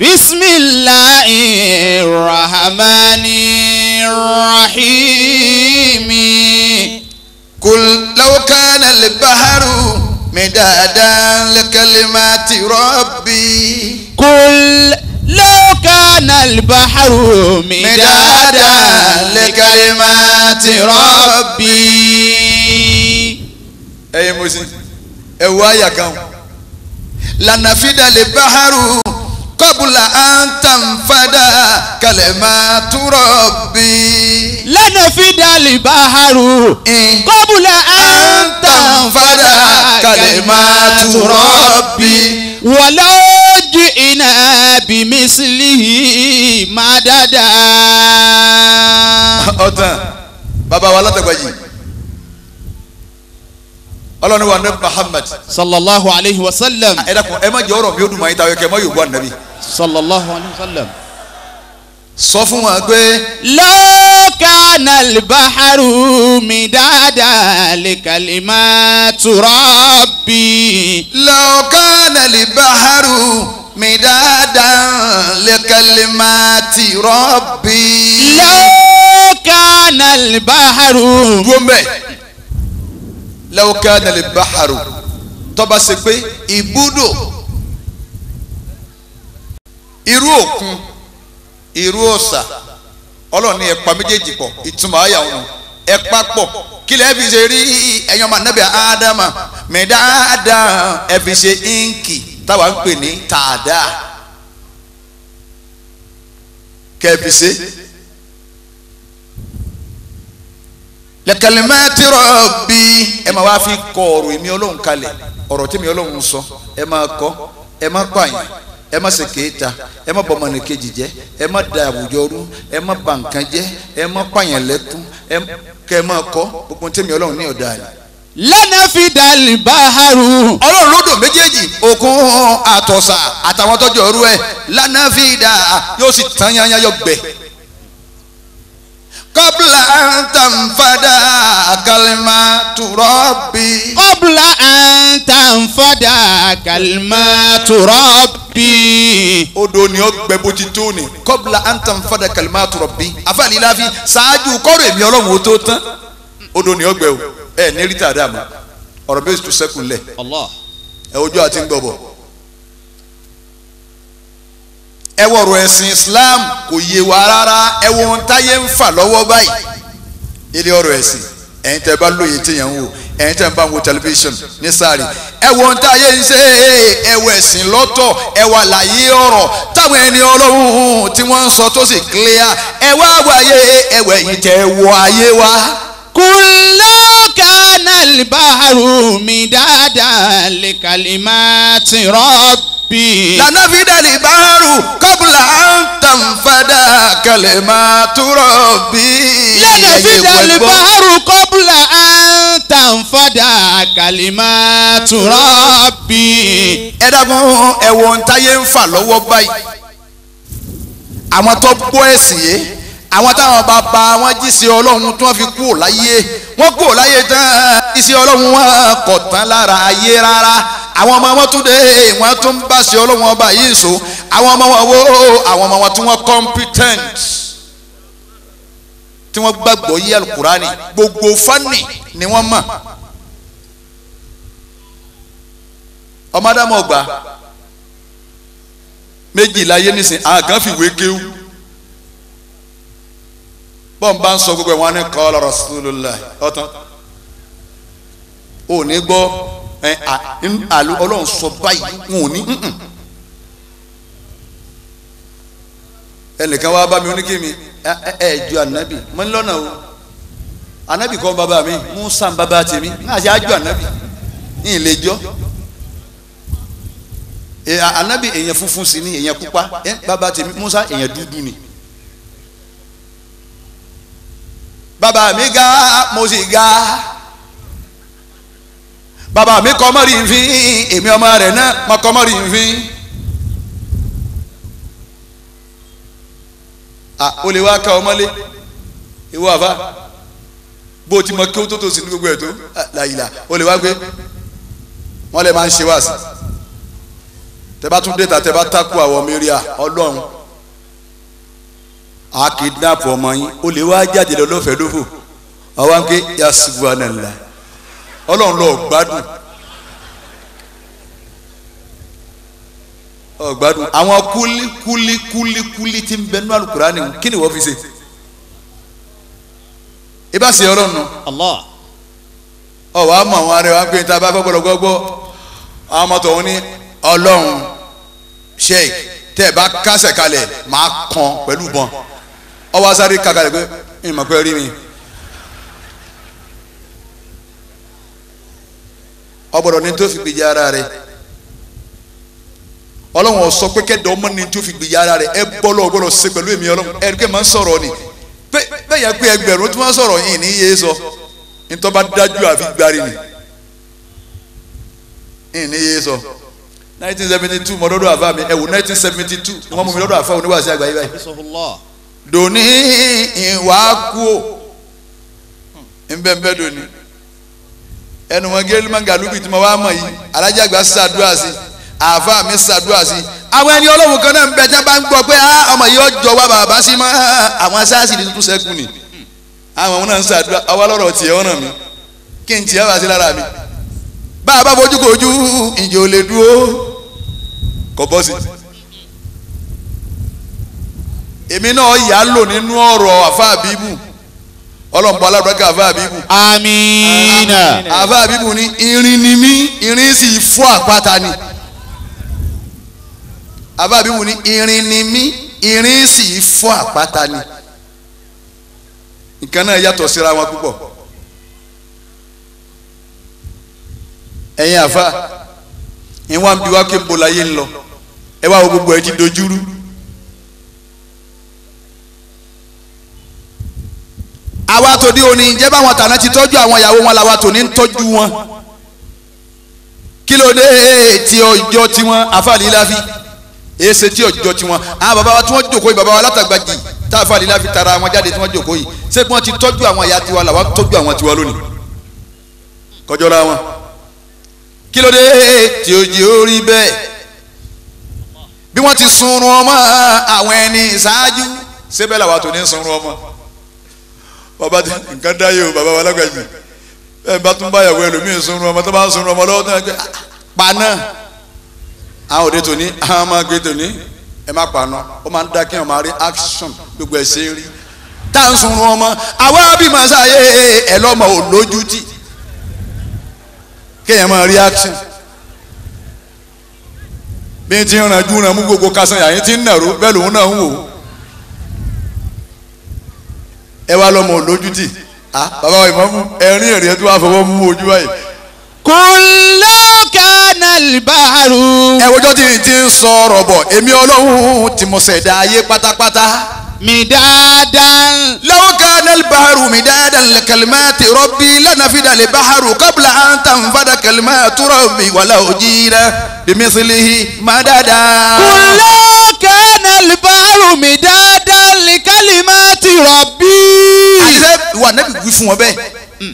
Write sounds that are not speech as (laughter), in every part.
بسم الله الرحمن الرحيم قل لو كان البحر مدادا لكلمات ربي قل لو كان البحر مدادا لكلمات ربي اي موسى اوايا كان لنفد البحر kọ́bùlà àǹtàǹfàdà kalimatu rabbi. lẹ́nu fídàlì báharu kọ́bùlà àǹtàǹfàdà kalimatu rabbi. wọ́lá ojú iná bimisilihi má dáadáa. ọ̀tàn bàbá wa látàgbàjì ọlọ́run wa muhammad. sallallahu alayhi wa sallam. ẹ dákun ẹ má jẹ́ ọ̀rọ̀ mi ó dùn mọ́ ayé ta ọ̀yọ́ kẹ́ ẹ má yóò bọ́ ànábì sallallahu alayhi wa sallam sọ fún wa pé. lọ́kàn albaharu mi dáadáa lè kàlímà tùrọ́bì. lọ́kàn albaharu mi dáadáa lè kàlímà tùrọ́bì. lọ́kàn albaharu. gbọ́mbẹ́ lọ́kàn albaharu tó ṣe pé ibùdó irú òkun irú òòṣà ọlọ́run ní ẹ̀pà méjèèjì pọ̀ ìtumọ̀ àyà wọn ẹ̀pà pọ̀ kí lẹ́ẹ̀ fi ṣe rí ẹ̀yàn máa nẹ́bẹ̀ ádámà mẹ́dáàdá ẹ̀ fi ṣe íǹkì táwa ń pè ní tààdá kẹ́ẹ̀fi ṣe. lẹ́kẹ̀lẹ́mẹ́tì rọ̀bì ẹ máa wá fi kọ ọ̀rọ̀ èmi ọlọ́run kalẹ̀ ọ̀rọ̀ tí mi ọlọ́run sọ ẹ máa kọ ẹ máa pààyàn ẹ má ṣe kéèta ẹ má bọmọ ní ẹ má da àwùjọ rú ẹ má ba nǹkan jẹ ẹ má pààyàn lẹ́kún ẹ kẹ má kọ gbogbo tẹ́mi ọlọ́run ní ọ̀dà rẹ̀. lẹ́nà fi dàlí báharu. ọlọ́run lódò méjèèjì òkun àtọ̀sà àtàwọn tọ́jú ọrú ẹ̀ lẹ́nà fi dà yóò sì tán yányá yọ gbẹ̀ kọ́bùlà àǹtàǹfàdà kàlímà tùrọ́bì. kọ́bùlà àǹtàǹfàdà kàlímà tùrọ́bì. odò ni ó gbẹ bó ti tó ni kọ́bùlà àǹtàǹfàdà kàlímà tùrọ́bì. àfààní láfi kọ́rọ̀ èmi ọlọ́run ó tó tán odò ni ó gbẹ o ẹ ní rita dàmú ọ̀rọ̀ méjì tó sẹ́kù lẹ̀ ẹ ojú àti ń gbọ̀ bọ̀. ẹ wọ ọ̀rọ̀ ẹ̀sìn Islam kò yé wa rárá ẹ wo ohun táyé ń fà lọ́wọ́ báyìí ilé ọ̀rọ̀ ẹ̀sìn ẹ̀yin tẹ́ bá lóye téèyàn wò ẹ̀yin tẹ́ bá ń wo tẹlifíṣàn ní sáré ẹ wo ohun táyé ń ṣe ẹ wọ ẹ̀sìn lọ́tọ̀ ẹ wà láyé ọ̀rọ̀ táwọn ẹni ọlọ́run tí wọ́n ń sọ tó sì clear ẹ wá wáyé ẹ wọ ẹ̀yin tẹ́ wọ ayé wa. kúlẹ̀ nàlìbáàrú mi dáadáa lè kàlímà ti rọ́bì. lànà fi dàlìbáàrú kọ́bùlà tàǹfàdà kàlímà tó rọ́bì. lànà fi dàlìbáàrú kọ́bùlà tàǹfàdà kàlímà tó rọ́bì. ẹ dàgbọ́n ẹ̀wọ̀n táyé ń fà lọ́wọ́ báyìí àwọn tó gbọ́ ẹ̀sìn yìí àwọn táwọn bàbá wọn jíṣẹ́ ọlọ́run tí wọ́n fi kú láyé wọ́n kú láyé tán jíṣẹ́ ọlọ́run wọn kọ̀ tán lára ayé rárá àwọn ọmọ wọn tún dé wọn tún bá ṣe ọlọ́run ọba yìí so àwọn ọmọ wọn wo àwọn ọmọ wọn tí wọ́n competent tí wọ́n gbàgbọ́ yí alukurani gbogbo fani ni wọ́n mọ̀ ọmọdé àmọ́ ọgbà méjìlá yé nísìnyí àgàn fìwé kéwù bọ́n bá ń sọ gbogbo ẹ̀ wọ́n á ní qala rasulullah ọ̀tán ò ní gbọ́ ẹ àlù ọlọ́run sọ báyìí wọn ò ní nǹkan ẹnìkan wá bá mi oníkì mi ẹ ẹ ju ànábì mo ní lọ́nà o ànábì kọ́ bàbá mi Mùsá bàbá tèmi náà ṣe á ju ànábì ní ilé jọ́ ànábì èèyàn funfun sí ni èèyàn pupa ẹ bàbá tèmi Mùsá èèyàn dúdú ni. bàbá mi ga mo sì ga bàbá mi kọ́ mọ́rì nfin èmi ọmọ rẹ̀ náà mo kọ́ mọ́rì nfin. o lè wá ká ọ mọ́lé ìwọ àfa bó o ti mọ kí o tó tó sí ní gbogbo ẹ̀ tó làyìlà o lè wá gbé wọ́n lè máa ń ṣe wá sí tẹ bá tún dé ta tẹ bá takú àwọn mẹ́ríà ọlọ́run a kidnap ọmọ yín o lè wá jáde lọ lọ́fẹ̀ẹ́ lófò àwa ń ké yasubanala ọlọ́run lọ gbádùn ọgbádùn àwọn kúlí kúlí kúlí kúlí tí ń bẹ nínú alukurani kí ni wọ́n fi ṣe ibà se ọlọ́run nù ọwọ́ àmọ́ àwọn arẹwà ń pè ní ta bá gbọ́gbọ́ gbọ́gbọ́ àwọn ọmọ tọ̀hún ní ọlọ́run sheik tẹ́ ẹ bá kásẹ̀ kalẹ̀ máa kàn pẹ̀lú bọn ọwọ́ asáré kàkàlẹ̀ pé ẹ̀ mọ̀ pé rí mi. ọgbọ́dọ̀ ní tó fi gbèjà ara rẹ̀ ọlọ́run ó sọ pé kẹ́dọ̀ ọmọ ní tó fi gbèjà ara rẹ̀ ẹ bọ́lọ̀ ọgbọ́dọ̀ ṣe pẹ̀lú èmi ọlọ́run ẹ máa ń sọ̀rọ̀ ni bẹ́ẹ̀ yẹn pé ẹgbẹ̀rún tí wọ́n sọ̀rọ̀ yìí ní iye sọ nítorí dájú àfi gbárí ni yìí ní iye sọ nineteen seventy two mọ́ lọ́dọ̀ àfa mi ẹ̀wò nineteen seventy two ni wọ́n mi lọ́dọ̀ àfa oníwàásí àgbáyé báyìí. Doni ìwà kúò nbẹ́nbẹ́ dòní ẹnu wọn gẹ́lẹ́ mọ́ gàlúbì tí mo wá mọ̀ yìí alájàgbá ṣàdúrà sí àáfà mi ṣàdúrà sí àwọn ẹni ọlọ́run kan náà ń bẹ bá ń gbọ́ pé ọmọ yìí ọjọ́ wa bàbá sí mọ́ àwọn sáàsì ní tuntun sẹ́kù ni àwọn ọmọ náà ń ṣàdúrà ọwọ́ lọ́rọ̀ tiẹ̀ mi kí n tiẹ̀ bá sí lára mi bá a bá fojú kojú ìjọ lè dúró kò bọ́ sí èmi náà yà á lò nínú ọ̀rọ̀ àfáà bíbù ọlọ́mùbọ́ alábùrákà àfáà bíbù. amiina. àfáà bíbù ni irin ni mí irin sì fọ́ àpáta ni àfáà bíbù ni irin ni mí irin sì fọ́ àpáta ni nǹkan náà yàtọ̀ síra wọn púpọ̀ ẹ̀yin àfáà ìwọ̀n bí wákè ń bọ̀ láyé ń lọ wá gbogbo ẹ ti dojúrú. àwa tòde òní ǹjẹ́ báwọn tàná ti tọ́jú àwọn ìyàwó wọn làwa tòní ń tọ́jú wọn kí ló dé eh, tí ọjọ́ tiwọn àfàlì láfi eh, èsè tí ọjọ́ tiwọn àwọn bàbá wa tí wọ́n jókòó yìí bàbá wa látàgbàjì tá àfàlì láfi tara wọn jáde tí wọ́n jókòó yìí ṣé bí wọ́n ti tọ́jú àwọn ìyá tiwa làwa tọ́jú àwọn tiwa lónìí kọjọ́ra wọn kí ló dé eh, tí òjì ó rí bẹ́ẹ̀ bí wọ́n ti sunrun ọmọ àwọn ẹni ṣáájú ṣé bẹ́ẹ̀ làwa tòní sunrun ọmọ bàbá ti nǹkan dáyé o bàbá wa lágbàjì bẹ́ẹ̀ bá tún báyàwó ẹlòmíín sunrun ọmọ tó bá ń sunrun ọmọ lọ́wọ́ tó ń gbé paná àwọn òde tòní àwọn máa gbé tòní ẹ má paná ó máa ń dá kí wọn rí action gbogbo ẹ̀ ṣe ń rí tá à ń sunrun ọmọ àwa bímọ sáyé ẹ lọ́mọ ò lójú tì kéèyàn máa rí action bí n ti rànjú ràn mú gbogbo kásán yàyín ti ń nàró bẹ́ẹ̀ lòun náà ń wò ó ẹ wá lọ́mọ olójútì ah bàbá wa ìmọ̀mú ẹ̀rín ẹ̀rín tó wà fọwọ́ mú ojú báyìí. kúnlá kanalibaru. ẹ wojọ́ tí ti ń sọ ọ̀rọ̀ bọ̀ èmi ọlọ́run tí mo ṣẹ̀dá ayé pátápátá. mi dáadáa. law kana al-bahru midada li kalimati rabbi lanafida al-bahru qabla an tanfada kalimatu rabbi walau jira bimislihi madada. kúnlá kanalibaru midada li kalimati rabbi àṣẹ ìwà ànábì wí fún wọn bẹ́ẹ̀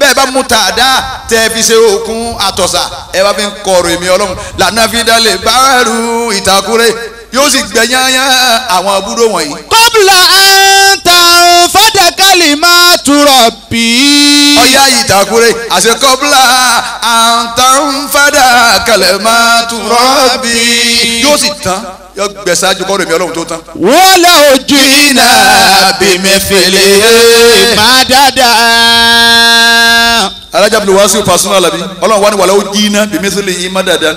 bẹ́ẹ̀ bá mú tàdá tẹ́ fi ṣe òkun àtọ̀sà ẹ bá fi ń kọrò èmi ọlọ́run lànà fi dalẹ̀ báàrù ìtàkùrẹ́ yóò sì gbẹ̀yán àwọn abúlé wọ̀nyí. kọ́bùlà ẹ̀ ń ta fà hiya kalimatu rabbi. ọ̀yá ìtàkùrẹ́ àṣekọ́bla àǹtàǹfàdà kalimatu rabbi. yóò sì tán yọ gbẹ̀sẹ̀ àjùkọ́ rẹ̀ mi ọlọ́run tó tán. wọ́lá ojú iná bímẹ́fẹ́lẹ́ má dáadáa. alájà bí wàásù pàṣẹ alábi ọlọ́run wà ní wàlá ojú iná bímẹ́fẹ́lẹ́ yìí má dáadáa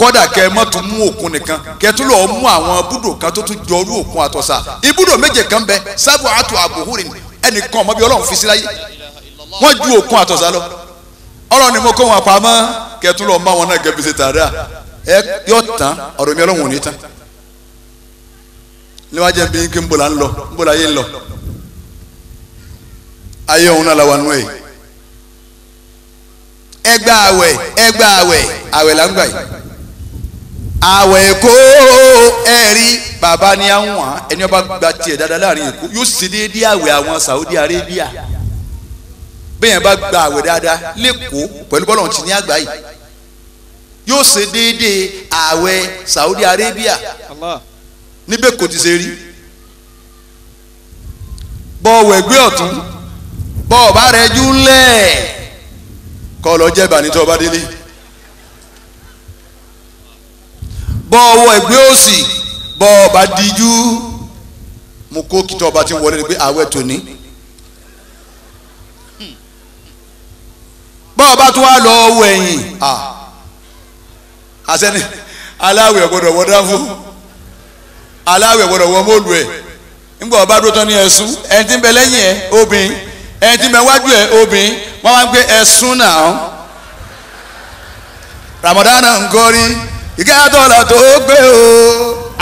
kọ́dà kẹ́ ẹ má mú òkun nìkan kẹ́ ẹ lọ́ọ́ mú àwọn búdò kan tó tún jọ orú òkun àtọ̀sà ibùdó méje kan bẹ sábà àtọ̀ àbòhùrìn ẹnìkan ọmọ bíi ọlọ́run fi sí láyé wọ́n ju òkun àtọ̀sá lọ ọlọ́run ni mo kó wọn pamọ́ kẹtùn lọ́ọ́ bá wọn náà gẹ́gẹ́ bí ṣe tàdá ẹ yọ tán ọ̀rọ̀ mi ọlọ́run ò ní tán níwájú ẹbí kí n bò la ń yé ń ayé òun náà la wà nù ẹ ẹgbà àwẹ̀ ẹgbà àwẹ̀ àwẹ̀ là ń gbà yìí àwẹ̀ kó ẹ̀rí bàbá ni à ń wọ̀n ẹni ọba gba tiẹ̀ dáadáa láàrin èkó yóò sì déédéé àwẹ̀ àwọn Saudi Arabia bẹ́ẹ̀ bá gba àwẹ̀ dáadáa lẹ́kọ̀ọ́ pẹ̀lú bọ́lá ọ̀tí ní àgbà yìí yóò ṣe déédéé àwẹ̀ Saudi Arabia níbẹ̀ kò ti ṣe rí bọ́ ọ̀wẹ̀ gbé ọ̀tún bọ́ ọ̀bá rẹ jú ńlẹ̀ kọ́ ọ lọ jẹ́ ìbànújẹ́ ọba délé bọ́ ọwọ́ ẹ̀gbẹ́ òsì. bọ́ ọba díjú mo kó kìtọ́ ọba tí ń wọlé ni pé àwẹ̀ tòní. bọ́ ọba tó wá lọ ọwọ́ ẹ̀yìn àsẹ́ni aláwẹ̀ gbọ́dọ̀ wọ dáfó aláwẹ̀ gbọ́dọ̀ wọ ẹ̀ ńgbà ọba dúró ní ẹ̀sùn ẹni tí ń bẹ lẹ́yìn ẹ̀ obìnrin ẹni tí ń bẹ wájú ẹ̀ obìnrin wọ́n wá ń gbé ẹ̀sùn náà Ramadan ngori ìkẹ́yàtọ̀ là tó gbé o.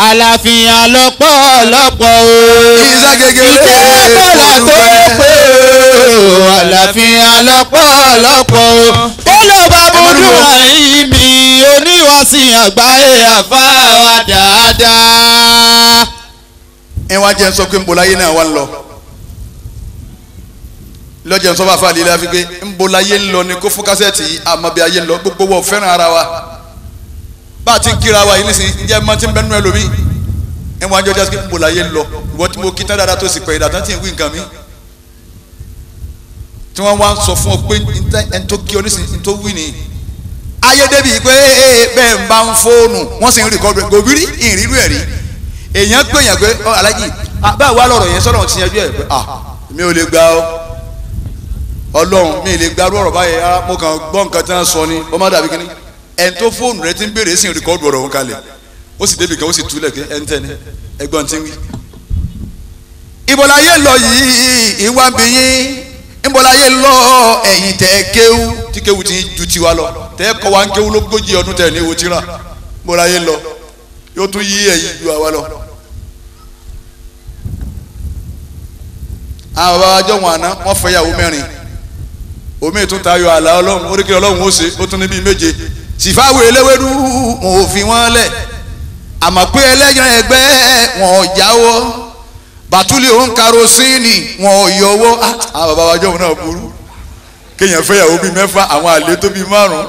àlàfíà lọ́pọ̀lọpọ̀ o. iṣẹ́ gègèrè iṣẹ́ bọ́lá tó pé o. àlàfíà lọ́pọ̀lọpọ̀ o. ó lọ bá bójú àyín mi oníwàsìn àgbáyé àfáwà dáadáa. ẹ wá jẹ́ sọ pé ń bo láyé náà wá ń lọ lọ́jọ́ sọ́ba fàlílẹ́ àfi pé ń bo láyé ń lọ ni kó fún kásẹ̀tì àmọ́ ayé ń lọ gbogbo wọ́n fẹ́ràn ara wa bá a ti ń kíra wa yìí nísìnyí ǹjẹ́ mọ́ ti ń bẹ́nu ẹlòmíì ẹ̀ wọ́n á jọ jásí kí n bò lọ ìwọ tí mo kí tán dáadáa tó sì pẹ̀ ìdàtàn tí ń wí nǹkan mi tí wọ́n wá ń sọ fún ọ pé ẹni tó kí ọ nísìnyí tó wí ni ayédèbí pé bẹ́ẹ̀ ń bá ń fóònù wọ́n sì ń rìkọ́dù ẹ̀ gòbí rí ìrírú ẹ̀ rí èèyàn pé èèyàn pé ọ alájì báwo wá lọ̀rọ̀ yẹn sọ̀rọ̀ ti yanjú ẹ̀ pé ah mi ò lè gba ọ ọlọ́run mi ò lè gba ọ̀rọ̀ báyẹn mo kàn gbọ́ ni ẹni fóònù rẹ ti ń béèrè sí rìkọ́dù ọ̀rọ̀ wọn kalẹ̀ ó sì débi kan ó sì túlẹ̀ kí ẹni tẹ́ni ẹgbọ́n ti ń wí. ìbọ̀láyé lọ yìí ìwà bí ìbọ̀láyé lọ ẹ̀yìn tẹ́ kéwú tí ti ju tiwa lọ tẹ́ kọ́ wa ń lógójì ọdún tẹ̀ ní ewu ìbọ̀láyé lọ yóò tún yí ẹ̀yìn sìfáwé eléwédú wọn ò fi wọn lẹ̀ àmọ́ pé ẹlẹ́yìn ẹgbẹ́ wọn ò jáwọ́ bàtúlì òun karosíìnì wọn ò yọwọ́ ah, àwọn bàbá wájú òun náà burú kéèyàn fẹ́yàwó bíi mẹ́fà àwọn àlè tó bíi márùn-ún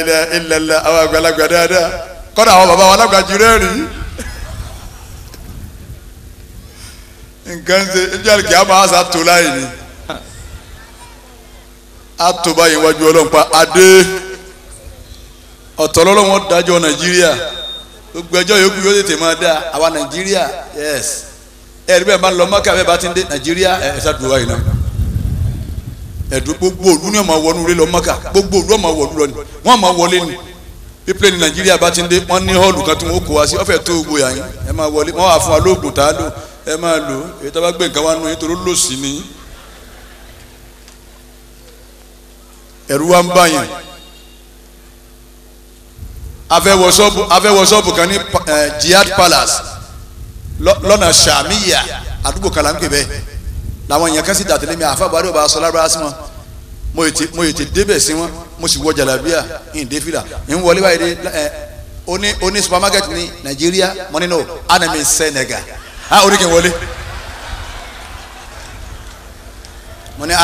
ilẹ̀ ilẹ̀ àwọn àgbàlagbà dáadáa kọ́dà àwọn bàbá wọn alágbàjú rẹ́rìn nǹkan ṣe ibi àlùkí àmọ́ àṣà tó láyìn ni àtò báyìí wájú ọlọ́run pa adé ọ̀tọ̀ lọ́lọ́wọ́n dájọ́ nàìjíríà gbogbo ẹjọ́ yòókù yóò tètè máa dáa àwa nàìjíríà yes ẹ̀rí bẹ́ẹ̀ máa lọ mọ́kà bẹ́ẹ̀ bá ti ń dé nàìjíríà ẹ̀ ẹ̀ ṣáà dùn wáyé náà ẹ̀dùn gbogbo òlu ni ọmọ wọnú rẹ lọ mọ́kà gbogbo òlu ọmọ wọlú lọ ni wọ́n máa wọlé ni pípẹ́ ní nàìjíríà bá ti ń dé wọ́n ní họ́ọ̀lù kan tí wọ́n kó wa sí ọ̀fẹ́ tó gbó yà yín ẹ afẹ́wọ̀ ṣọ́ọ̀bù kan ní eh, Jihad Palace lọ́nà sàmìyà àdúgbò kan là ń pè bẹ́ẹ̀ làwọn èèyàn kan sì dàtẹ́lẹ́ mi àfàbàdé ọba aṣọ lábára sí wọn mo ètè mo ètè débẹ̀ sí wọn mo sì wọ jàlábíà ìǹdé fìlà ń wọlé báyìí dé ẹ eh, oní oní supermarket ní Nàìjíríà mọ́nínú anami Senegal á ah, oníkè wọlé. Ah, ah, mo ní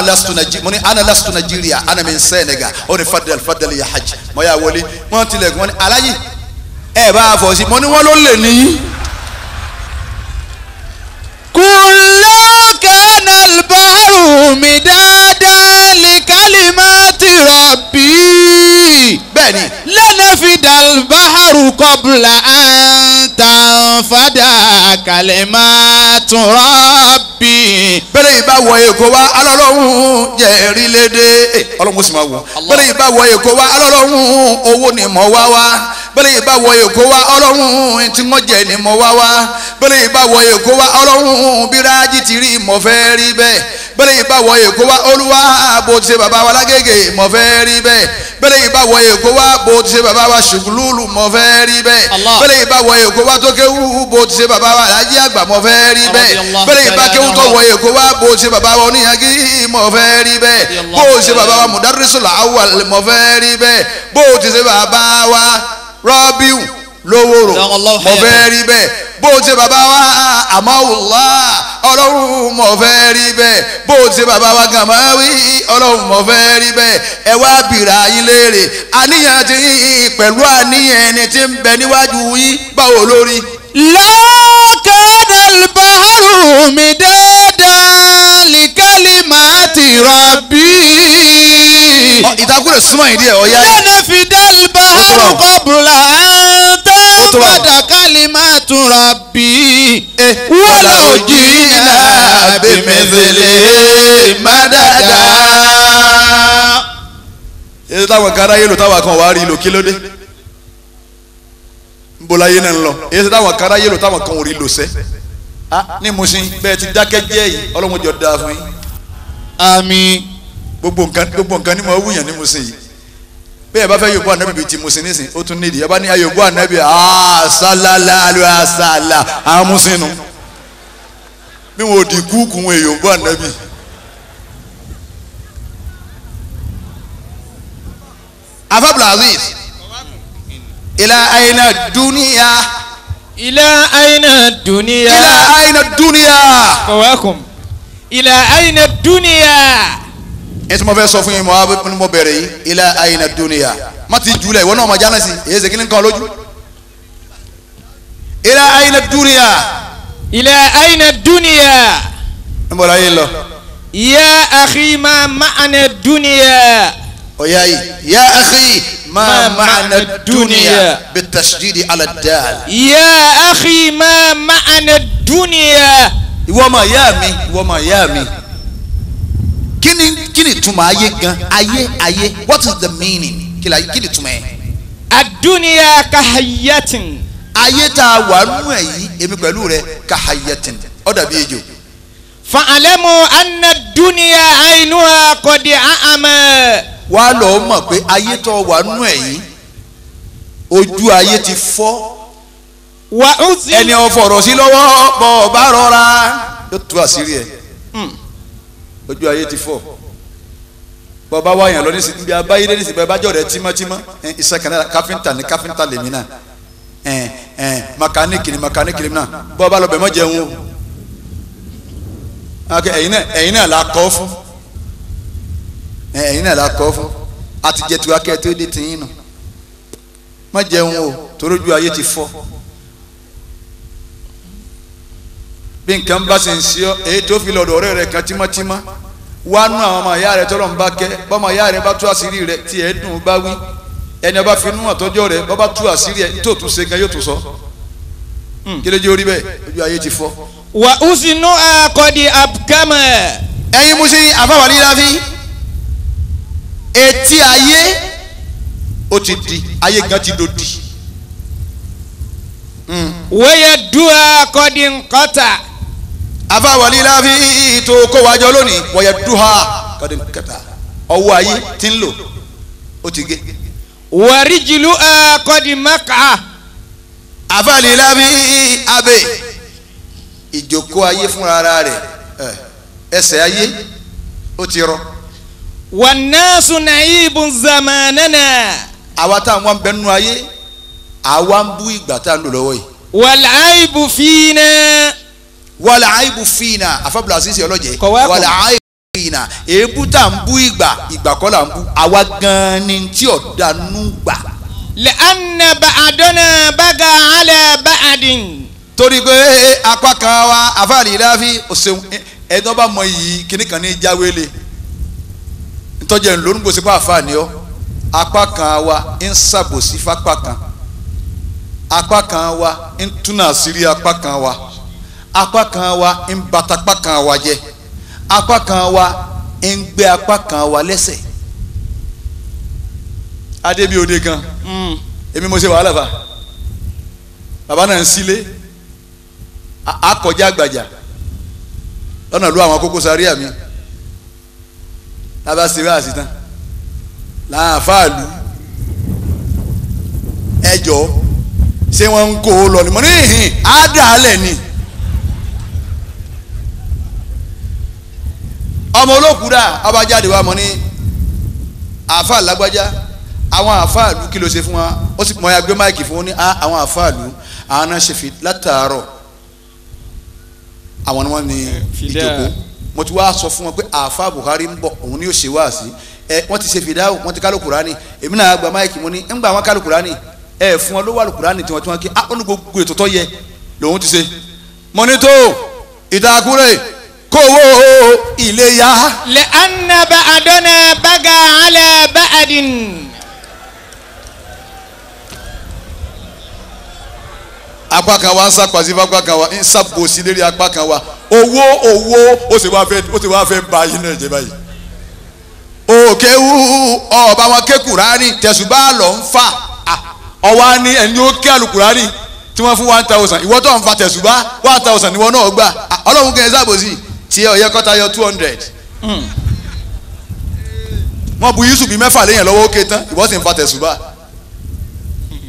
ana lastu Nàìjíríà mo ana lastu Nàìjíríà ana mi Senegal ó ní fadal fadal ya hajj mo yà wọlé mo tilẹ̀ mo ní aláyé ẹ bá a fọ sí mo ní wọn ló lè ní. kùlù kẹ́nà bàrù mi dáadáa lè kálí má ti rọ̀ bíi bẹ́ẹ̀ ni. lẹ́nàfi dàlbáhàrù kọ́bùlà àǹtàǹfàdà kàlẹ́mà tùrọ́bì. bẹ́ẹ̀ yìí bá wọ èkó wá alọ́lọ́hún jẹ̀rí lédè eh, ọlọ́run sì máa wọ. bẹ́ẹ̀ yìí bá wọ èkó wá alọ́lọ́hún owó ni mọ̀ wá wá. bẹ́ẹ̀ yìí bá èkó wá ọlọ́run tí wọ́n jẹ ni mọ̀ wá wá. bẹ́ẹ̀ yìí bá èkó wá ọlọ́run bíráàjì ti rí mọ̀ fẹ́ rí bẹ́ẹ̀ bẹ́ẹ̀ yìí bá wọ èkó wá olúwa bó ti ṣe bàbá wa lágége mọ̀ fẹ́ rí bẹ́ẹ̀ bẹ́ẹ̀ yìí bá wọ èkó wá bó ti ṣe bàbá wa ṣùkúlùlù mọ̀ fẹ́ rí bẹ́ẹ̀ bẹ́ẹ̀ yìí bá wọ èkó wá tó kéwú bó ti ṣe bàbá wa alájí àgbà mọ̀ fẹ́ rí bẹ́ẹ̀ bẹ́ẹ̀ yìí bá kéwú tó wọ èkó wá bó ti ṣe bàbá wa oníyangí mọ̀ fẹ́ rí bẹ́ẹ̀ bó ti ṣe bàbá wa mùdárẹ́sọ̀lá awàl mọ̀ fẹ́ rí bẹ́ẹ̀ bó ti ṣe bàbá wa rọ́bíù lówóró mo fẹ́ rí bẹ́ẹ̀ bó ṣe bàbá wa àmọ́wùlá ọlọ́run mo fẹ́ rí bẹ́ẹ̀ bó ṣe bàbá wa gàmáwí ọlọ́run mo fẹ́ rí bẹ́ẹ̀ ẹ wá bìrà yín léèrè àníyàn ti pẹ̀lú àníyàn ẹni tí ń bẹ níwájú yín báwo lórí. lọ́kàdà bàárù mi dáadáa lìkálì máa ti rà bíi ìtakùrẹ̀ súnmọ́ yìí díẹ̀ ọ̀yá yìí. lẹ́nu fìdá ìbáhárù kọ́bùrùlà bàdà kálí máa tún ra bí. wọ́n là ó jí iná bímẹ́sẹ̀lẹ̀ má dáadáa. èyí táwọn kan aráyé lò táwọn kan wàá rí lò kí ló dé ń bọ́lá yé náà ń lọ èyí táwọn kan aráyé táwọn kan ò rí lò sẹ́ ah, ní musin bẹ́ẹ̀ ti dákẹ́ jẹ́ yìí ọlọ́run jọ dáa fún yín. àmín. gbogbo nǹkan gbogbo nǹkan ni mo wúyàn ní musin yìí bẹ́ẹ̀ bá fẹ́ yòókù ànábì bíi ti musin nísìn ó tún nídìí ẹ bá ní ayòókù ànábì àṣàlálà àlùhàṣàlà àmúsinu bí wọn ò di kúùkù wọn èyòókù ànábì. afabula aziz ilà àyìnà dúníyà. ilà àyìnà dúníyà. ilà àyìnà dúníyà. kọ̀wé kùn. ilà àyìnà dúníyà. انت ما فيش صفين ما أبى من مبرري إلى أين الدنيا ما تيجولي وانا ما جانسي إذا كلن قالوا جو إلى أين الدنيا إلى أين الدنيا نقول أي الله يا أخي ما معنى الدنيا يا يا أخي ما معنى الدنيا بالتشديد على الدال يا أخي ما معنى الدنيا وما يامي وما يامي Kini kini kí ni túmọ̀ ayé gan ayé ayé what is the meaning Kila la kí ni túmọ̀ yẹn. àdúnyà kahayatin. ayé tá a wà nù ẹ̀ yìí èmi pẹ̀lú rẹ kahayatin ó dàbí ejò. fa'alamu anna dunya ainuha qad a'ama. wà á lọ mọ̀ pé ayé tó wà nù ẹ̀ yìí ojú ayé ti fọ́. wà ó sì. ẹni ọ̀fọ̀rọ̀ sí lọ́wọ́ bọ̀ ọ̀bá rọra yóò tú àṣírí ẹ̀. Hmm ojú ayé ti fọ́ bọba wáyàn lọ nísìsiyìí bí abáyé lé nísìsiyìí bá jọ rẹ tímọ́tímọ́ iṣẹ́ kan náà káfíńtà ní káfíńtà lèmi náà makaniki ni makaniki ni náà bọba lọ bẹ̀ mọ́ jẹun o ẹ̀yin náà ẹ̀yin náà la kọ́ fún ẹ̀yin náà la kọ́ fún àtijẹ́tu akẹ́ tó tìyín nù mọ́ jẹun o torójú ayé ti fọ́. bí nǹkan bá ṣe ń ṣe ọ èyí tó fi lọ́dọ̀ ọ̀rẹ́ rẹ kan tímọ́tímọ́ wánú àwọn ọmọ ìyá rẹ tọ́lọ̀ ń bá kẹ́ bọ́mọ ìyá rẹ bá tú àṣírí rẹ tí ẹ̀ dùn bá wí ẹni ọba finú àtọ́jọ́ rẹ bọ́ba tú àṣírí ẹ tó tún ṣe gan yóò tún sọ hmm, kéleje orí bẹ́ẹ̀ ojú ayé ti fọ́. wà ó sì nú àkọ́dí abkamẹ́. ẹyin musin afáwàlí láfi etí ayé ó ti di ayé gan ti dòdì. wẹ́yẹ dùn àkọ́dí nkọ́ta afáwọlé láfi to ko wájọ lónìí wọ̀yẹ̀ dúhà kọ́dún kẹta ọwọ́ ayé ti ń lò ó ti gé. wàrí jìlú akọ́dí maka. afáwọlé láfi abẹ ìjókòó ayé fúnra rẹ̀ eh, ẹsẹ̀ ayé ó ti rọ. wànásù nàìbù zamanana. àwa táwọn wọn bẹ nínú ayé àwa ń bú ìgbà tá a ń lò lọ́wọ́ yìí. wàlàyé bù fínà wàlẹ̀ àìbù fina àfàbùlà àṣìṣe ọlọ́jẹ̀ wàlẹ̀ àìbù fìnà èébú tá à ń bú ìgbà ìgbà kọ́ là ń bú àwa gan-an ni tí ọ̀dà nù gbà. lè anna bàdánà bàgà alẹ́ bàdín. torí pé eh, eh, apá kan wa àfàlì ìdáfi òṣèlú ẹ̀dọ́ bá mọ iyì kìnnìkan ní jáwélé ntọ́jà ń lónú gbèsè pa àfààní ọ́ apá kan wa ń ṣàbòsí fapá kan apá kan wa ń túnà sírí apá kan wa apá kan wa ń bàtà apá kan wa jẹ apá kan wa ń gbé apá kan wa lẹ́sẹ̀ adébíyòde kan hmm. èmi mo ṣe wàhálà fa bàbá náà ń sílé akọjá gbàjà lọ́nà lu àwọn kókó sáré àmì lábá ṣe wáàsí tán láàfáàlú ẹjọ́ ṣé wọ́n ń kó o lọ ni mo ní ìhìn á ni. ọmọ olókùúdà abájáde wa mọ̀ ní àáfà lágbájá àwọn àáfà ìlú kí ló ṣe fún wa ó sì mọ̀ ya gbé máìkì fún ní àwọn àáfà ìlú àwọn náà ṣe fi látàárọ̀ àwọn ni wọ́n ní eh, ìjókòó mo ti wá sọ fún wọn pé àáfà Buhari ń bọ̀ òun ni yóò ṣe wá sí ẹ wọ́n ti ṣe fìdáwò wọ́n ti kálù kùránì èmi náà gba máìkì mo ní ń gba àwọn kálù kùránì ẹ fún wọn ló wà lù kùránì tiwọn tiwọn kí á ó ní gbogbo ètò tó yẹ lòun ti ṣe mọ́nítò ìtàkùrẹ́ kówó iléyá. lè anaba adọ́nà baga ala bá adìn. apá kan wa ń sàpàsí fapá kan wa ń sàbòsí lérí apá kan wa owó owó ó sì wá fẹ́ ó sì wá fẹ́ ba yín náà jẹ báyìí. òkè wú ọba wọn ké kùránì tẹ̀sùbá lọ ń fà ọwọ́ ni ẹni ó ké àlùkùránì tí wọ́n fún one thousand ìwọ́tọ̀ ń fa tẹ̀sùbá one thousand ni wọ́n náà gbà ọlọ́run kẹ́ ẹ tiẹ̀ ọ̀yẹ́ kọ́ta yọ two hundred hmm. wọ́n bu yusuf mẹ́fà léyìn lọ́wọ́ ó ké tán ìwọ sì ń fa tẹ̀sùbà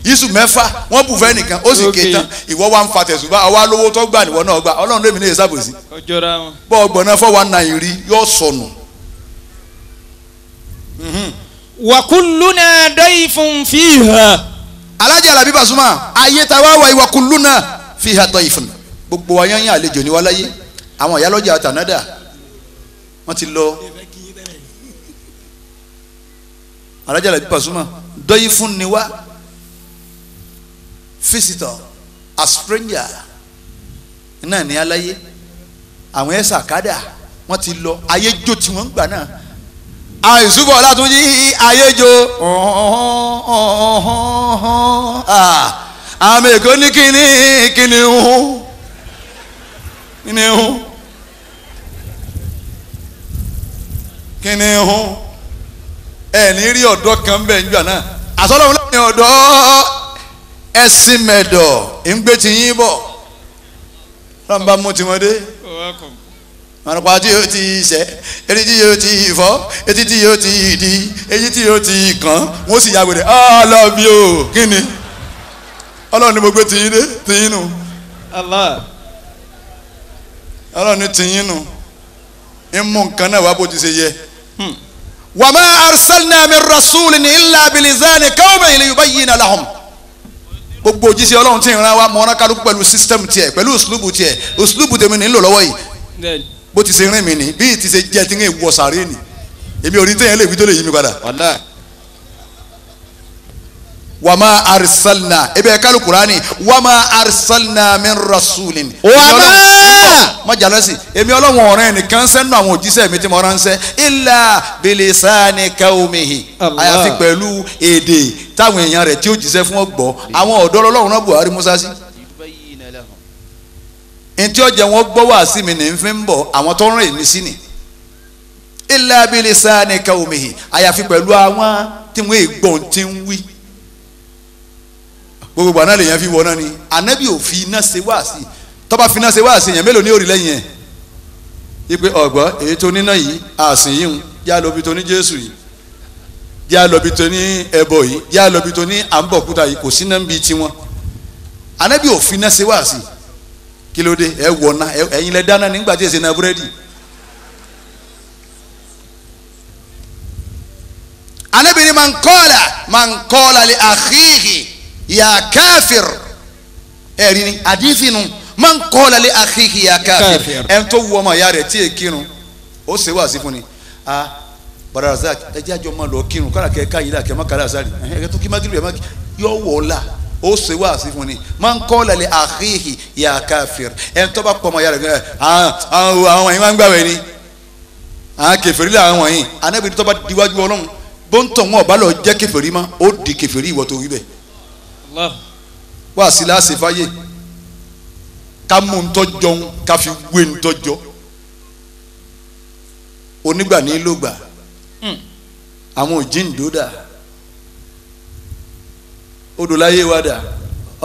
yusuf mẹ́fà wọ́n bu fẹ́ nìkan ó sì ké tán ìwọ wa ń fa tẹ̀sùbà àwa lówó tó gbà níwọ náà gbà ọlọ́run lèmi ní ìsàbòsí bọ́ ọgbọ̀n náà fọwọ́ náà yìí rí yóò sọnù. Hmm. wàkúlùnà dayfun fiha. alájà làbí Pasuma ayé ta wá wá ìwàkúlùnà fiha dayfun gbogbo wa yán yán àlejò ni wá láyé àwọn ìyálọ́jà àtànádà wọ́n ti lọ alájà làbí Pasuma dọ́yí fún ni wá visitor a stranger náà ní aláyé àwọn ẹ̀ sàkádà wọ́n ti lọ ayé jó tí wọ́n ń gbà náà àìsúbọ̀ látúnjí ayéjo ah, àmì èkó ní kíní kìnìún ẹ̀ ní rí ọ̀dọ́ kan bẹ̀ nígbà náà àsọlọ́run lẹ́yìn ní ọ̀dọ́ ẹ̀sìn mẹ̀dọ̀ ìgbé ti yín bọ̀ lọ́n bá mú tiwọn dé mọ̀nàpá tí yóò ti sẹ́ etí tí yóò ti fọ́ etí tí yóò ti di etí tí yóò ti kàn wọ́n sì yàgò dé ọlọ́ọ̀bí o kí ni ọlọ́run ni mo gbé tìyín dé tìyín nù ọlọ́run ni tìyín nù ń mú nǹkan náà wá bó ti ṣe yẹ wàmà arsalna min rasulin illa bilizani qawmin liyubayyina lahum gbogbo òjíṣẹ́ ọlọ́run tí ń ran wa mọ̀ọ́nà kálukú pẹ̀lú sísítẹ́mù tiẹ̀ pẹ̀lú òṣùlùbù tiẹ̀ òṣùlùbù tèmi nílò lọ́wọ́ yìí bó ti ṣe rìn mí ni bí ti ṣe jẹ́ ti ń wọ sàárè ni èmi ò ní tẹ̀yẹ́ lè fi tó lè yí mi padà wàmà arsalna ebe ẹka lu kurani wàmà arsalna min rasulin. wàmà. ma jalasi èmi ọlọ́wọ̀n ọ̀rẹ́ nìkan sẹ́nu àwọn òjíṣẹ́ mi ti mọ̀ ọ́rán sẹ́ ilà bilisani kaumihi. àyàfi pẹ̀lú èdè táwọn èèyàn rẹ̀ tí ó jíṣẹ́ fún ọgbọ́ àwọn ọ̀dọ́ ọlọ́run náà buhari musa sí. ntí ọjà wọn gbọ́ wá sí mi ní n bọ̀ àwọn tó ń rìn mí sí ni. ilà bilisani kaumihi àyàfi pẹ̀lú àwọn tí wọ́n ègbọ́n gbogbo àná lèyàn fi wọ náà ni ànábì ò fi iná ṣe wáàsí tọ́ba fi iná ṣe wáàsí yẹn mélòó ní òrì lẹ́yìn ẹ̀ ipe ọ̀gbọ́n èyí tó níná yìí àsìn yìí ń yá lóbi tó ní jésù yìí yá lóbi tó ní ẹbọ yìí yá lóbi tó ní àǹbọ̀kúta yìí kò síná ń tiwọn ànábì ò fi iná ṣe wáàsí kí ló dé ẹ wọ̀ ná ẹ̀yin lẹ dáná nígbà tí èsì na búrẹ́dì ànábì ni man qala man qala li akhihi ya kafir, ẹ̀rí ni àdìsí nu máa ń kọ́ lálẹ́ àkíkì ya kafir. ẹ̀ ń tó wú ọmọ ìyá rẹ̀ tí èé kírun ó ṣe wá sí fún ni a baraza ẹ jẹ́ àjọ máa lọ kírun kára kẹ́ ká yìí là kẹ́ má kára sáré ẹ̀ tó kí má kírun yọ wọ̀ ọ́ la ó ṣe wá sí fún ni máa ń kọ́ lálẹ́ àkíkì ya kafir. ẹ̀ ń tó bá pọ̀ ọmọ ìyá rẹ̀ àwọn àwọn yìí máa ń gbàwẹ̀ ni àwọn kèfèrí làwọn wọ̀nyí anábìrì tó bá diwájú ọlọ́run bó ń tọ̀ wọn ọ̀bá wá sí láàṣẹ fáyé ká mú ntọ́jọ́ ń ká fi wé ntọ́jọ́ onígbà ní ló gbà hmm. àwọn òjíǹdó dà odòláyé wa dà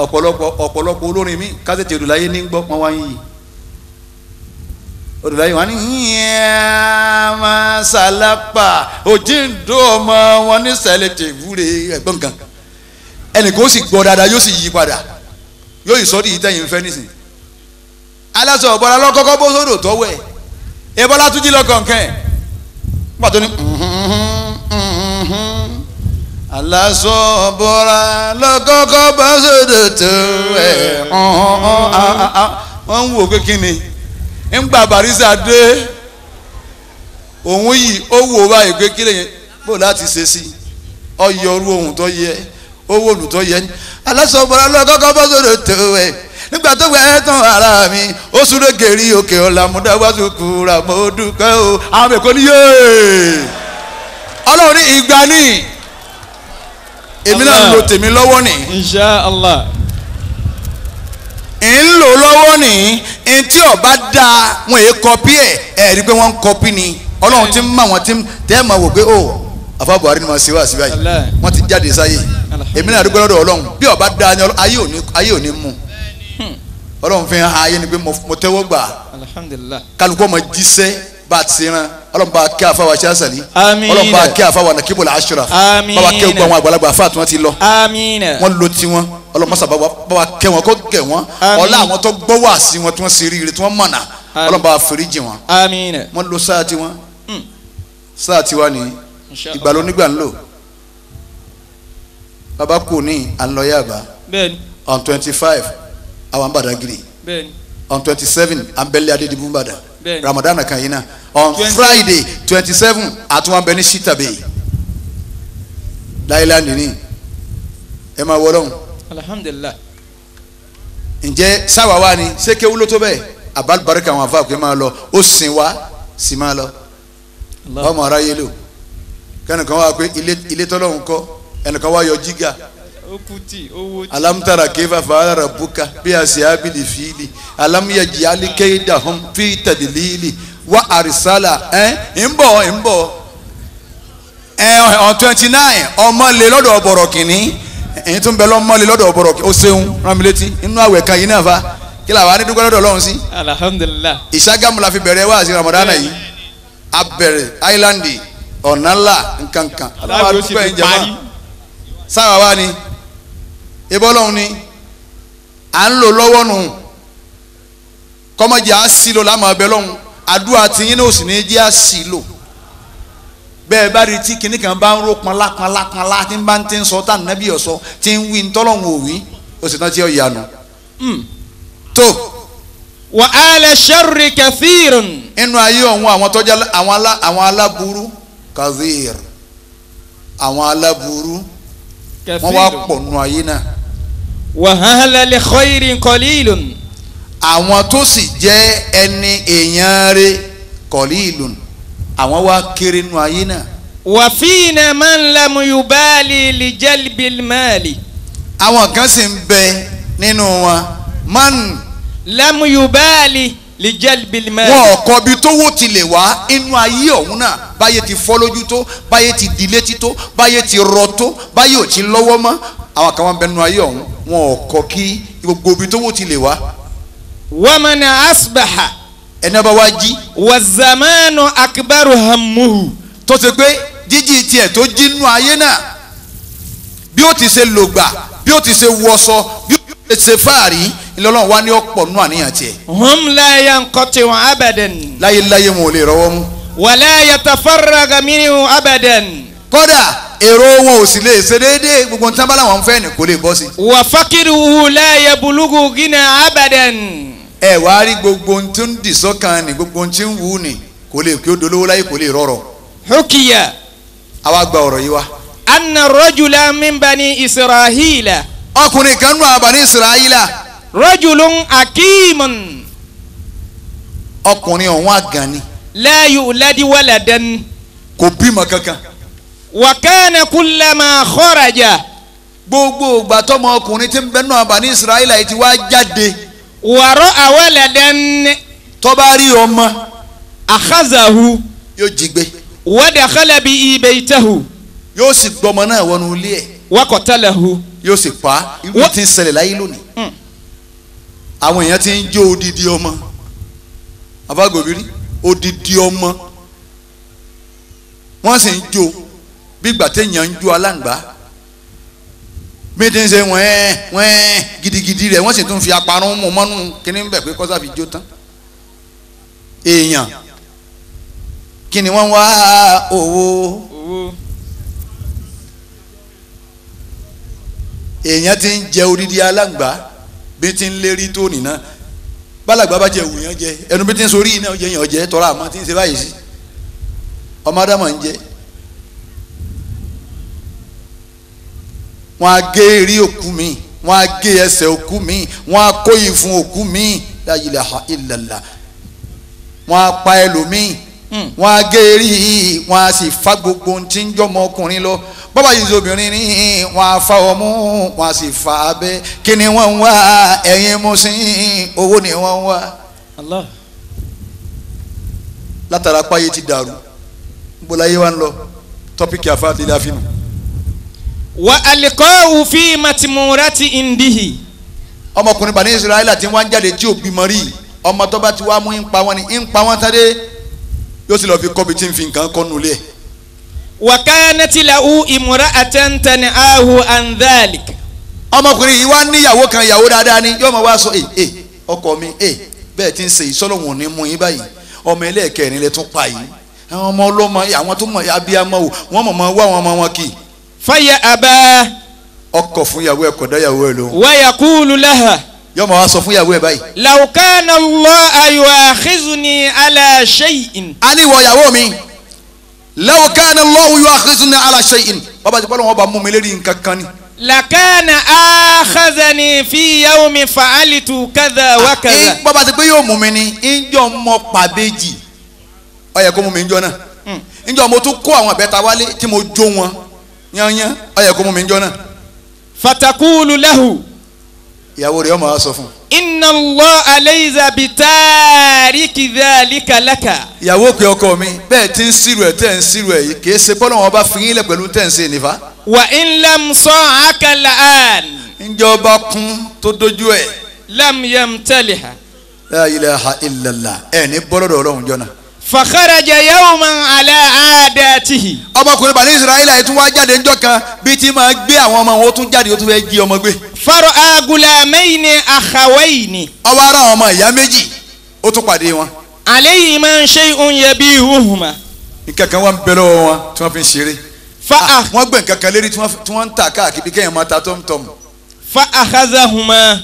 ọ̀pọ̀lọpọ̀ ọ̀pọ̀lọpọ̀ olórin mi kásẹ̀tì odòláyé ní gbọ́ pọ́n wá ń odòláyé wọn ni yíyan máa ṣàlápà òjíǹdó ọmọ wọn ní sẹ̀lẹ̀tì ìwúre ẹ̀gbọ́n kan ẹnìkan ó sì gbọ́ dáadáa yóò sì yí padà yóò yìí sọ́dí ìtẹ̀yìn fẹ́ nísìn aláṣọ ọ̀bọ̀ra lọ́kọ́kọ́ bó sódò tọ́wọ́ ẹ̀ ebola tún jí lọ́kọ̀ọ̀kan ẹ̀ nígbà tó ní aláṣọ ọ̀bọ̀ra lọ́kọ́kọ́ bó sódò tọ́wọ́ ẹ̀ wọ́n ń wò pé ni ńgbà barisa dé òun yìí ó wò báyìí pé kí lè bò láti ṣe sí ọyọ orú ohun tó yẹ owó olùtọ́ yẹ ni alásọ̀bọ̀rọ̀ lọ́kọ́kọ́ bọ́ sódò tó ẹ̀ nígbà tó gbà ẹ́ tán ara mi ó súré gèrí òkè ọ̀làmúdáwásùkú rà mo dúpẹ́ o àwọn èkó ni yéé ọlọ́run ní ìgbà ni èmi náà ń lo tèmi lọ́wọ́ ni. insha Allah ń lò lọ́wọ́ ní n tí ọba da wọn èé kọpí ẹ̀ ẹ̀ rí i pé wọ́n ń kọpí ni ọlọ́run ti ń mọ̀ wọ́n ti ń tẹ́ ẹ̀ máa wò pé o oh, àfa Buhari ni mo ṣe wá síbáyìí wọ́n ti jáde sáyé èmi náà dúpẹ́ lọ́dọ̀ ọlọ́run bí ọba da ni ayé òní ayé òní mu ọlọ́run fi hàn ayé ni pé mo tẹ́wọ́ gbà kálukú ọmọ jíṣẹ́ bá a ti ran ọlọ́run bá a kí àfa wa ṣáṣà ọlọ́run bá a kí àfa wa nàkíbọ̀lá aṣọra bá kẹ́ gbọ́ àwọn àgbàlagbà àfa àti wọn ti lọ wọn lo tiwọn ọlọ́run mọ́sà bá kẹ́ wọn kó gẹ̀ wọn ọlá àwọn tó gbọ́ wá sí wọn tí wọ́n ṣe ríire tí wọ́n mọ̀nà baba kù ní alọ́yàbá on twenty five àwọn Badagry on twenty seven abẹ́lẹ́ adédìbò bàdà Ramadan kan yìí náà on Friday twenty seven àtúwọ̀nbẹ ní sitabe láyélá nìní ẹ máa wọlọ́hún. alhamdulilah. ǹjẹ́ sáwà wa ni ṣé kéwú ló tó bẹ́ẹ̀ abalibarika àwọn afa kò máa lọ ó sìn wá sì máa lọ ọmọ ara yẹlò kẹ́nìkan wá pé ilé tọ́lọ́hún kọ́ ẹnìkan wá yọ jígà alamtara keifa fa'ala rabbuka bí ashabil fili alam yaj'al kaydahum fi tadlili wa arsala ẹ ń bọ̀ ń bọ̀ ẹ ọ twenty nine ọmọ lè lọ́dọ̀ ọ̀bọ̀rọ̀ kìíní ẹ̀yin tún bẹ lọ́mọ lè lọ́dọ̀ ọ̀bọ̀rọ̀ kìíní ó ṣeun rán mi létí inú àwẹ̀ kan yìí náà fa kí la wàá ní dúpẹ́ lọ́dọ̀ ọlọ́run sí. alhamdulilah. ìṣàgámù la fi bẹ̀rẹ̀ wá sí ramadan yìí abẹ̀rẹ̀ island ọ̀nàlà nkankan. aláàbò sì ti parí sára wa ni ebọ́lọ́hún ni à ń lò lọ́wọ́ nù kọ́mọ́jì à ń sí lò lámà ọbẹ̀ lọ́hún àdúrà tí yín náà sì ní jẹ́ à sí lò bẹ́ẹ̀ bá rí tí kinní kan bá ń ró panlá panlá panlá tí ń bá ń ti sọ tá nàbí ọ̀sọ́ tí ń wí ntọ́lọ́hún òwí ó sì náà ti ọ̀yà nù. tó. wà á lè ṣẹ́rì kẹfìrún. inú ayé ọ̀hún àwọn tọ́jà àwọn aláburú kazir àwọn aláburú wọ́n wá pọ̀ nù ayé náà. wàhálà lè kọ́ irin kọ́lí ìlú. àwọn tó sì jẹ́ ẹni èèyàn rẹ̀ kọ́lí àwọn wá kéré nù ayé náà. wàfíìnà máa ń lamu yubali lè àwọn kan sì ń bẹ nínú wọn man. lamu yubali lijel bilimẹ. wọn kọ bí tówó ti lè wá inú ayé ọ̀hún náà báyé ti fọ́ lójú tó báyé ti dilé ti tó báyé ti rọ tó báyé ò ti lọ́wọ́ mọ́ àwọn kan wọn bẹ ayé ọ̀hún wọn kọ kí gbogbo bí tówó ti lè wá. wamana asbaha. ẹni ọba wa jí. wa zamanu akbaru hamuhu. tó ṣe pé jíjí tiẹ̀ tó jí nínú ayé náà bí ó ti ṣe lògbà bí ó ti ṣe wọṣọ bí ó ti ṣe fáàrí ilé ọlọ́run wá ní ọ̀pọ̀ nú àníyàn tiẹ̀. hum la yanqati'u abadan. láyéláyé wọn ò lè rọwọ́ mú. wala yatafarraga minhu abadan. kódà èrò wọn ò sì lè ṣe déédéé gbogbo nǹkan bá làwọn fẹ́ ni kò lè bọ́ sí. wa fakiruhu la yabulugu gina abadan. ẹ wàá rí gbogbo tí ń dì sọ́kàn ni gbogbo tí ń wù ni kò lè kí ó dolówó láyé kò lè rọrọ. hukiya. àwa gba ọ̀rọ̀ yìí wa. ọkùnrin kan nù abani israhila rajulun akimun. ọkùnrin ọ̀hún àgàn ni. la yuladi waladan. kò bímọ kankan. wa kana kullama kharaja. gbogbo ìgbà tọmọ ọkùnrin tí ń bẹ náà bá ní israẹla yìí ti wá jáde. wàrọ awaladan. tọ́ba rí ọmọ. akhazahu. yóò jí gbé. wadakhala bi baytahu. yóò sì gbọmọ náà wọnú ilé ẹ̀. wa qatalahu. yóò sì pa irú tí ń ṣẹlẹ̀ láyé lónìí àwọn èèyàn ti ń jó odidi ọmọ abágòbírí odidi ọmọ wọ́n sì ń jó bí ìgbà téèyàn ń jó aláǹgbá bí tí ń ṣe wẹ́ẹ́ wẹ́ẹ́ gidigidi rẹ̀ wọ́n sì tún fi aparun mú mọ́nú kíní ń bẹ̀ pé kọ́sà fi jó tán èèyàn kí wọ́n wá owó èèyàn ti ń jẹ odidi aláǹgbá bí ti ń lérí tó nìna bálàgbà bá jẹ òun yẹn jẹ ẹnu bí ti ń sorí iná jẹ yẹn jẹ tọ́ra àmọ́ ti ń ṣe báyìí sí ọmọ adama ń jẹ wọn á gé eré òkú mi wọn á gé ẹsẹ̀ òkú mi wọn á kó ìfun òkú mi la ilaha illallah wọn á pa ẹlòmíì Hmm. wọn á gé rí wọn á sì fa gbogbo ohun tí ń jọmọ ọkùnrin lọ bọ́bá yìí zobìnrin ní wọn á fa ọmú wọn á sì fa abẹ́ kí ni wọ́n ń wá ẹ̀yin mùsìn owó ni wọ́n ń wá. látara páyé ti dàrú gbọ́láyé wa ń lọ tọ́pìkì àfáàdé láfínù. wà á lè kọ́ òfin matimura ti indihi. ọmọkùnrin bani israẹli àti wọn jáde tí ò bímọ rí ọmọ tó bá ti mú ń pa wọn ni ń pa wọn tán dé. yóò sì lọ fi kọ́bi tí n fi nǹkan kọ́ nulẹ̀. wàkánẹ́tì làwù ìmúra àtẹ̀ntẹ̀ni ahu andalik. ọmọkùnrin yìí wá níyàwó kan ìyàwó dáadáa ni yóò máa wá sọ ee ee ọkọ mi ee bẹ́ẹ̀ ti ń ṣe ìsọlọ́wọ̀n ní mú yín báyìí ọmọ ẹlẹ́ẹ̀kẹrin lẹ tún pa yìí àwọn ọmọ ọlọ́mọ àwọn tó mọ abiyamọ o wọ́n mọ̀ mọ́ wá wọn ọmọ wọn kì fàyà ọkọ fún ìyàwó ẹ̀kọ́ dáyàwó ẹ̀ lóhùn. wáyà kúlù yóò máa wá sọ fún ìyàwó ẹ báyìí. làwùkánà lọ ayò àkízùnì aláṣẹ yìí. a ní ìwọ ìyàwó mi làwùkánà lọ ayò àkízùnì aláṣẹ yìí bàbá àti bọ́lá wọn bá mú mi lérí nǹkan kan ni. làkánà àkàzànì fi yàwó mi fàálìtù kàdà wà ah, kàdà. bàbá àti pé yóò mú mi ni ìjọ mọ pàbéjì ó yẹ kó mú mi ìjọ náà ìjọ hmm. mo tún kó àwọn àbẹ́ta wálé tí mo jó wọn yányán ó yẹ kó mú mi ìjọ náà. fatakulu lahu ìyàwó rẹ̀ ọmọ wa sọ fún. inna Allah alayza bi tariki dhalika laka. ìyàwó pé ọkọ mi bẹ́ẹ̀ tí ń sírù ẹ̀ tẹ́ ń sírù ẹ̀ yìí kìí ṣe bọ́lá bá fi yín lẹ̀ pẹ̀lú tẹ́ ń ṣe nífa. wa in lam sa'aka la'an. ńjọba kún tó dojú ẹ̀. lam yamtaliha. la ilaha illallah ẹ̀ ní bọ́lọ́dọ̀ ọlọ́run jọ́nà fàkàràjà yawman ala adatihi. ọmọkùnrin bani israẹli ayé tún wá jáde ńjọ́ kan bíi ti máa gbé àwọn ọmọ wọn ó tún jáde ó tún fẹ́ jí ọmọ gbé. faro agulamaini akhawayni. ó wá ra àwọn ọmọ ìyá méjì ó tún pàdé wọn. alayhima shay'un yabihuhuma. nǹkan kan wà ń bẹ lọ́wọ́ wọn tí wọ́n fi ń ṣeré. fa ah, wọ́n gbé nǹkan kan lérí tí wọ́n ń ta káàkiri kéèyàn máa ta tọ́mtọ́m. fa akhazahuma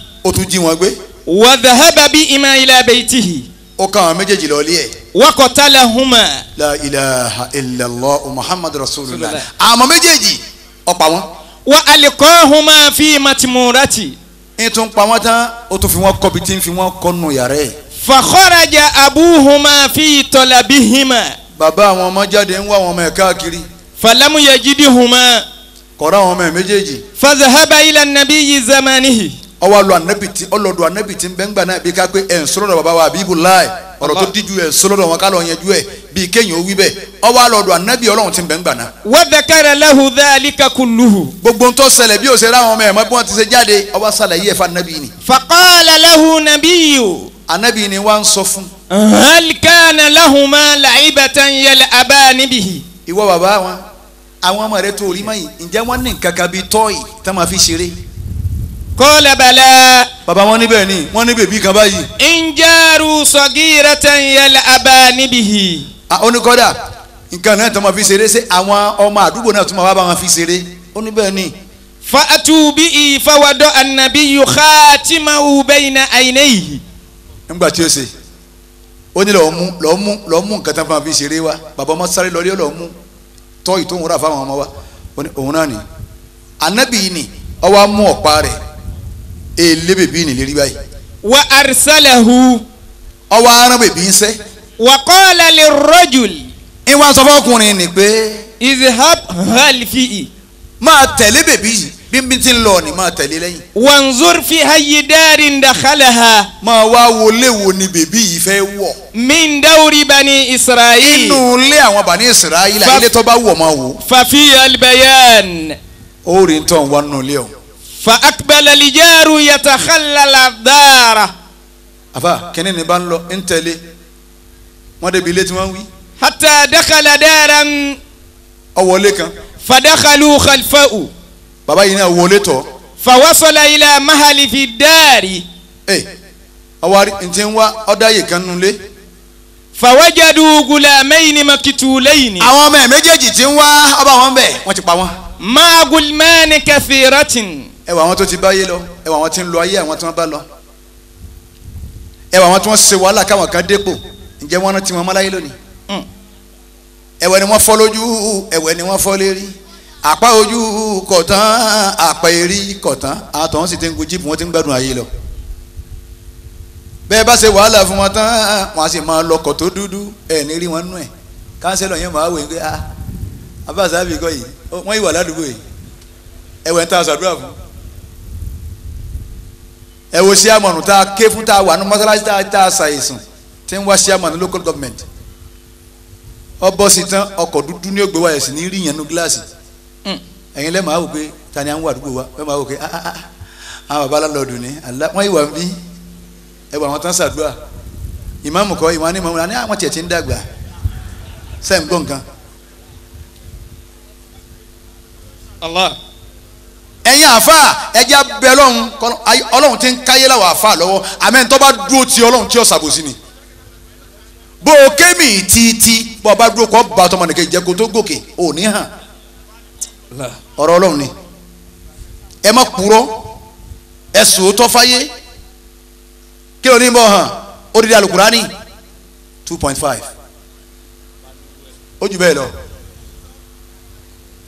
ó kàn án méjèèjì lọ́ọ́lé ẹ̀. wakọ̀tálẹ̀ huma. la ilaha illallah muhammadu rasulullah àmọ́ méjèèjì ó pa wọ́n. wa alikọ́ huma fi matimurati. n tún pa wọ́n tán ó tún fi wọ́n kọ́ tí ń fi wọ́n kọ́ nù yàrá ẹ̀. fàkọ́rajà abúhuma fi tọ́labihima. bàbá àwọn ọmọ jáde ń wá àwọn ọmọ ẹ̀ káàkiri. falamu yajidihuma. kọ̀ọ̀rọ̀ àwọn ọmọ ẹ̀ méjèèjì. fazahaba ila nabiyyi zamanihi ọwọ́ alọ anabi ti ọlọ́dọ̀ anabi ti bẹ́ngbà náà bí ká pé ẹ̀ ń sọ́lọ́dọ̀ bàbá wa àbí ibùláì ọ̀rọ̀ tó díjú ẹ̀ ń sọ́lọ́dọ̀ wọn kálọ̀ yẹn ju ẹ̀ bí kéèyàn ó wí bẹ́ẹ̀ ọwọ́ alọ́dọ̀ anabi ọlọ́run ti bẹ́ngbà náà. wa dhakara lahu dhalika kulluhu. gbogbo ń tó ṣẹlẹ̀ bí òṣèré àwọn ọmọ ẹ̀ mọ́ bí wọ́n ti ṣe jáde ọwọ́ kọ́lẹ̀ bẹ̀lẹ̀. bàbá wọn níbẹ̀ ni wọn níbẹ̀ bí kan báyìí. ìjẹ́rù sọ̀gírẹ́ tẹ̀ ń yẹlẹ̀ abẹ́ níbi yìí. a ó ní kọ́dà nǹkan náà tó máa fi ṣeré ṣe àwọn ọmọ àdúgbò náà tó máa bá wọn fi ṣeré ó ní bẹ́ẹ̀ ni. fa'atu bihi fawadọ́ anabi yu khatimahu bayna aynayhi. nígbà tí ó ṣe ó ní lọ́ọ́ mú lọ́ọ́ mú lọ́ọ́ mú nǹkan tó máa fi ṣeré wa bàbá ọmọ sáré lọ́ọ́ lọ́ọ́ mú tọ́ ìtòhùn rà fáwọn ọmọ wa òun náà ni anabi ni ọwọ́ á mú ọ̀pá rẹ̀ èlé bèbí ni lérí báyìí. wa arsalahu. ọwọ́ aràn bèbí ń sẹ́. wa qala lirrajul. ìwà e sọ fọkùnrin ni pé. izhab halifi. máa tẹ̀lé bèbí yìí bí mi ti ń lọ ni máa tẹ̀lé lẹ́yìn. wanzur fi hayi darin dakhalaha. máa wá wọlé wo ni bèbí yìí fẹ́ wọ̀. min dawri bani israel. inú ilé àwọn bani israel ilé tó bá wọ̀ máa wò. fafi albayan. ó rí ntọ́ wọn nù ilé o fa akbala lijaru yatakhalala daara. àfa kínní ni bá ń lọ ń tẹ̀lé wọ́n débi ilé tí wọ́n ń wí. hatta dakala daaran. ọwọlé kan. fadakalu khalfahu. baba yìí náà wọlé tọ̀. fawasala ila mahali fi daari. ẹ awari ntẹ ń wá ọdá yìí kan nulẹ̀. fawajadu gulamayni makitulayni. àwọn ọmọ ẹ méjèèjì ti ń wá ọba wọn bẹ wọn ti pa wọn. maagulmani kathiratin ẹ wà àwọn tó ti báyé lọ ẹ wà àwọn tí ń lo ayé àwọn tí wọ́n bá lọ ẹ wà àwọn tí wọ́n ṣe wàhálà káwọn kan dépò ǹjẹ́ wọ́n rántí wọn máláyé lónìí hmm. ẹ̀wẹ̀ ni wọ́n fọ́ lójú ẹ̀wẹ̀ ni wọ́n fọ́ lérí àpá ojú kọ̀tán àpá èrí kọ̀tán àtọ̀hún sì ti ń gun jíìpù wọ́n ti ń gbádùn ayé lọ bẹ́ẹ̀ bá ṣe wàhálà fún wọn tán wọn sì máa lọkọ̀ tó dúdú ẹ̀ ní rí wọn nú ẹ̀ kánsẹ́lọ̀ yẹn máa wẹ̀ ah abáṣá bìí yìí wọ́n yìí wà ládùúgbò yìí ẹ̀wẹ̀ ń ta àṣàdúrà fún un ẹ wo ṣíàmọ̀nù tá a ké fún ta a wà ní mọ́sálásí tá a ṣàìsàn tí ń wá ṣíàmọ̀nù local government ọbọ̀ sí tán ọkọ̀ dúdú ní ògbé wa ẹ̀sìn ní rí yẹn nu gíláàsì hmm. ẹ̀yin lẹ́ẹ̀ máa wò pé ta ni à ń wà àdúgbò wa ẹ máa wò pé ah, ah, ah, àwọn baba lọ́dún ni wọ́n yìí wà ń bí ẹ wà wọ́n tán ṣàdúrà ìmáàmù kọ́ ìwọ̀n ni ní àwọn tiẹ̀ ti ń dàgbà sẹ́ǹgbọ̀n kan. Allah ẹ̀yin àfa ẹ̀jẹ̀ abẹ́ ọlọ́run ọlọ́run ti ń káyé láwọn àfa lọ́wọ́ àmẹ́ tó bá dúró ti ọlọ́run tí ó ṣàbòsí ni bó o kémi títí bó o bá dúró kọ́ bá ọtọ́mọ nìkan ìjẹ́ kó tó gòkè ò ní hàn ọ̀rọ̀ ọlọ́run ni ẹ má purọ́ ẹ sòótọ́ fáyé kí ló ní bọ́ hàn ó dídí alukurani two point five ó jù bẹ́ẹ̀ lọ.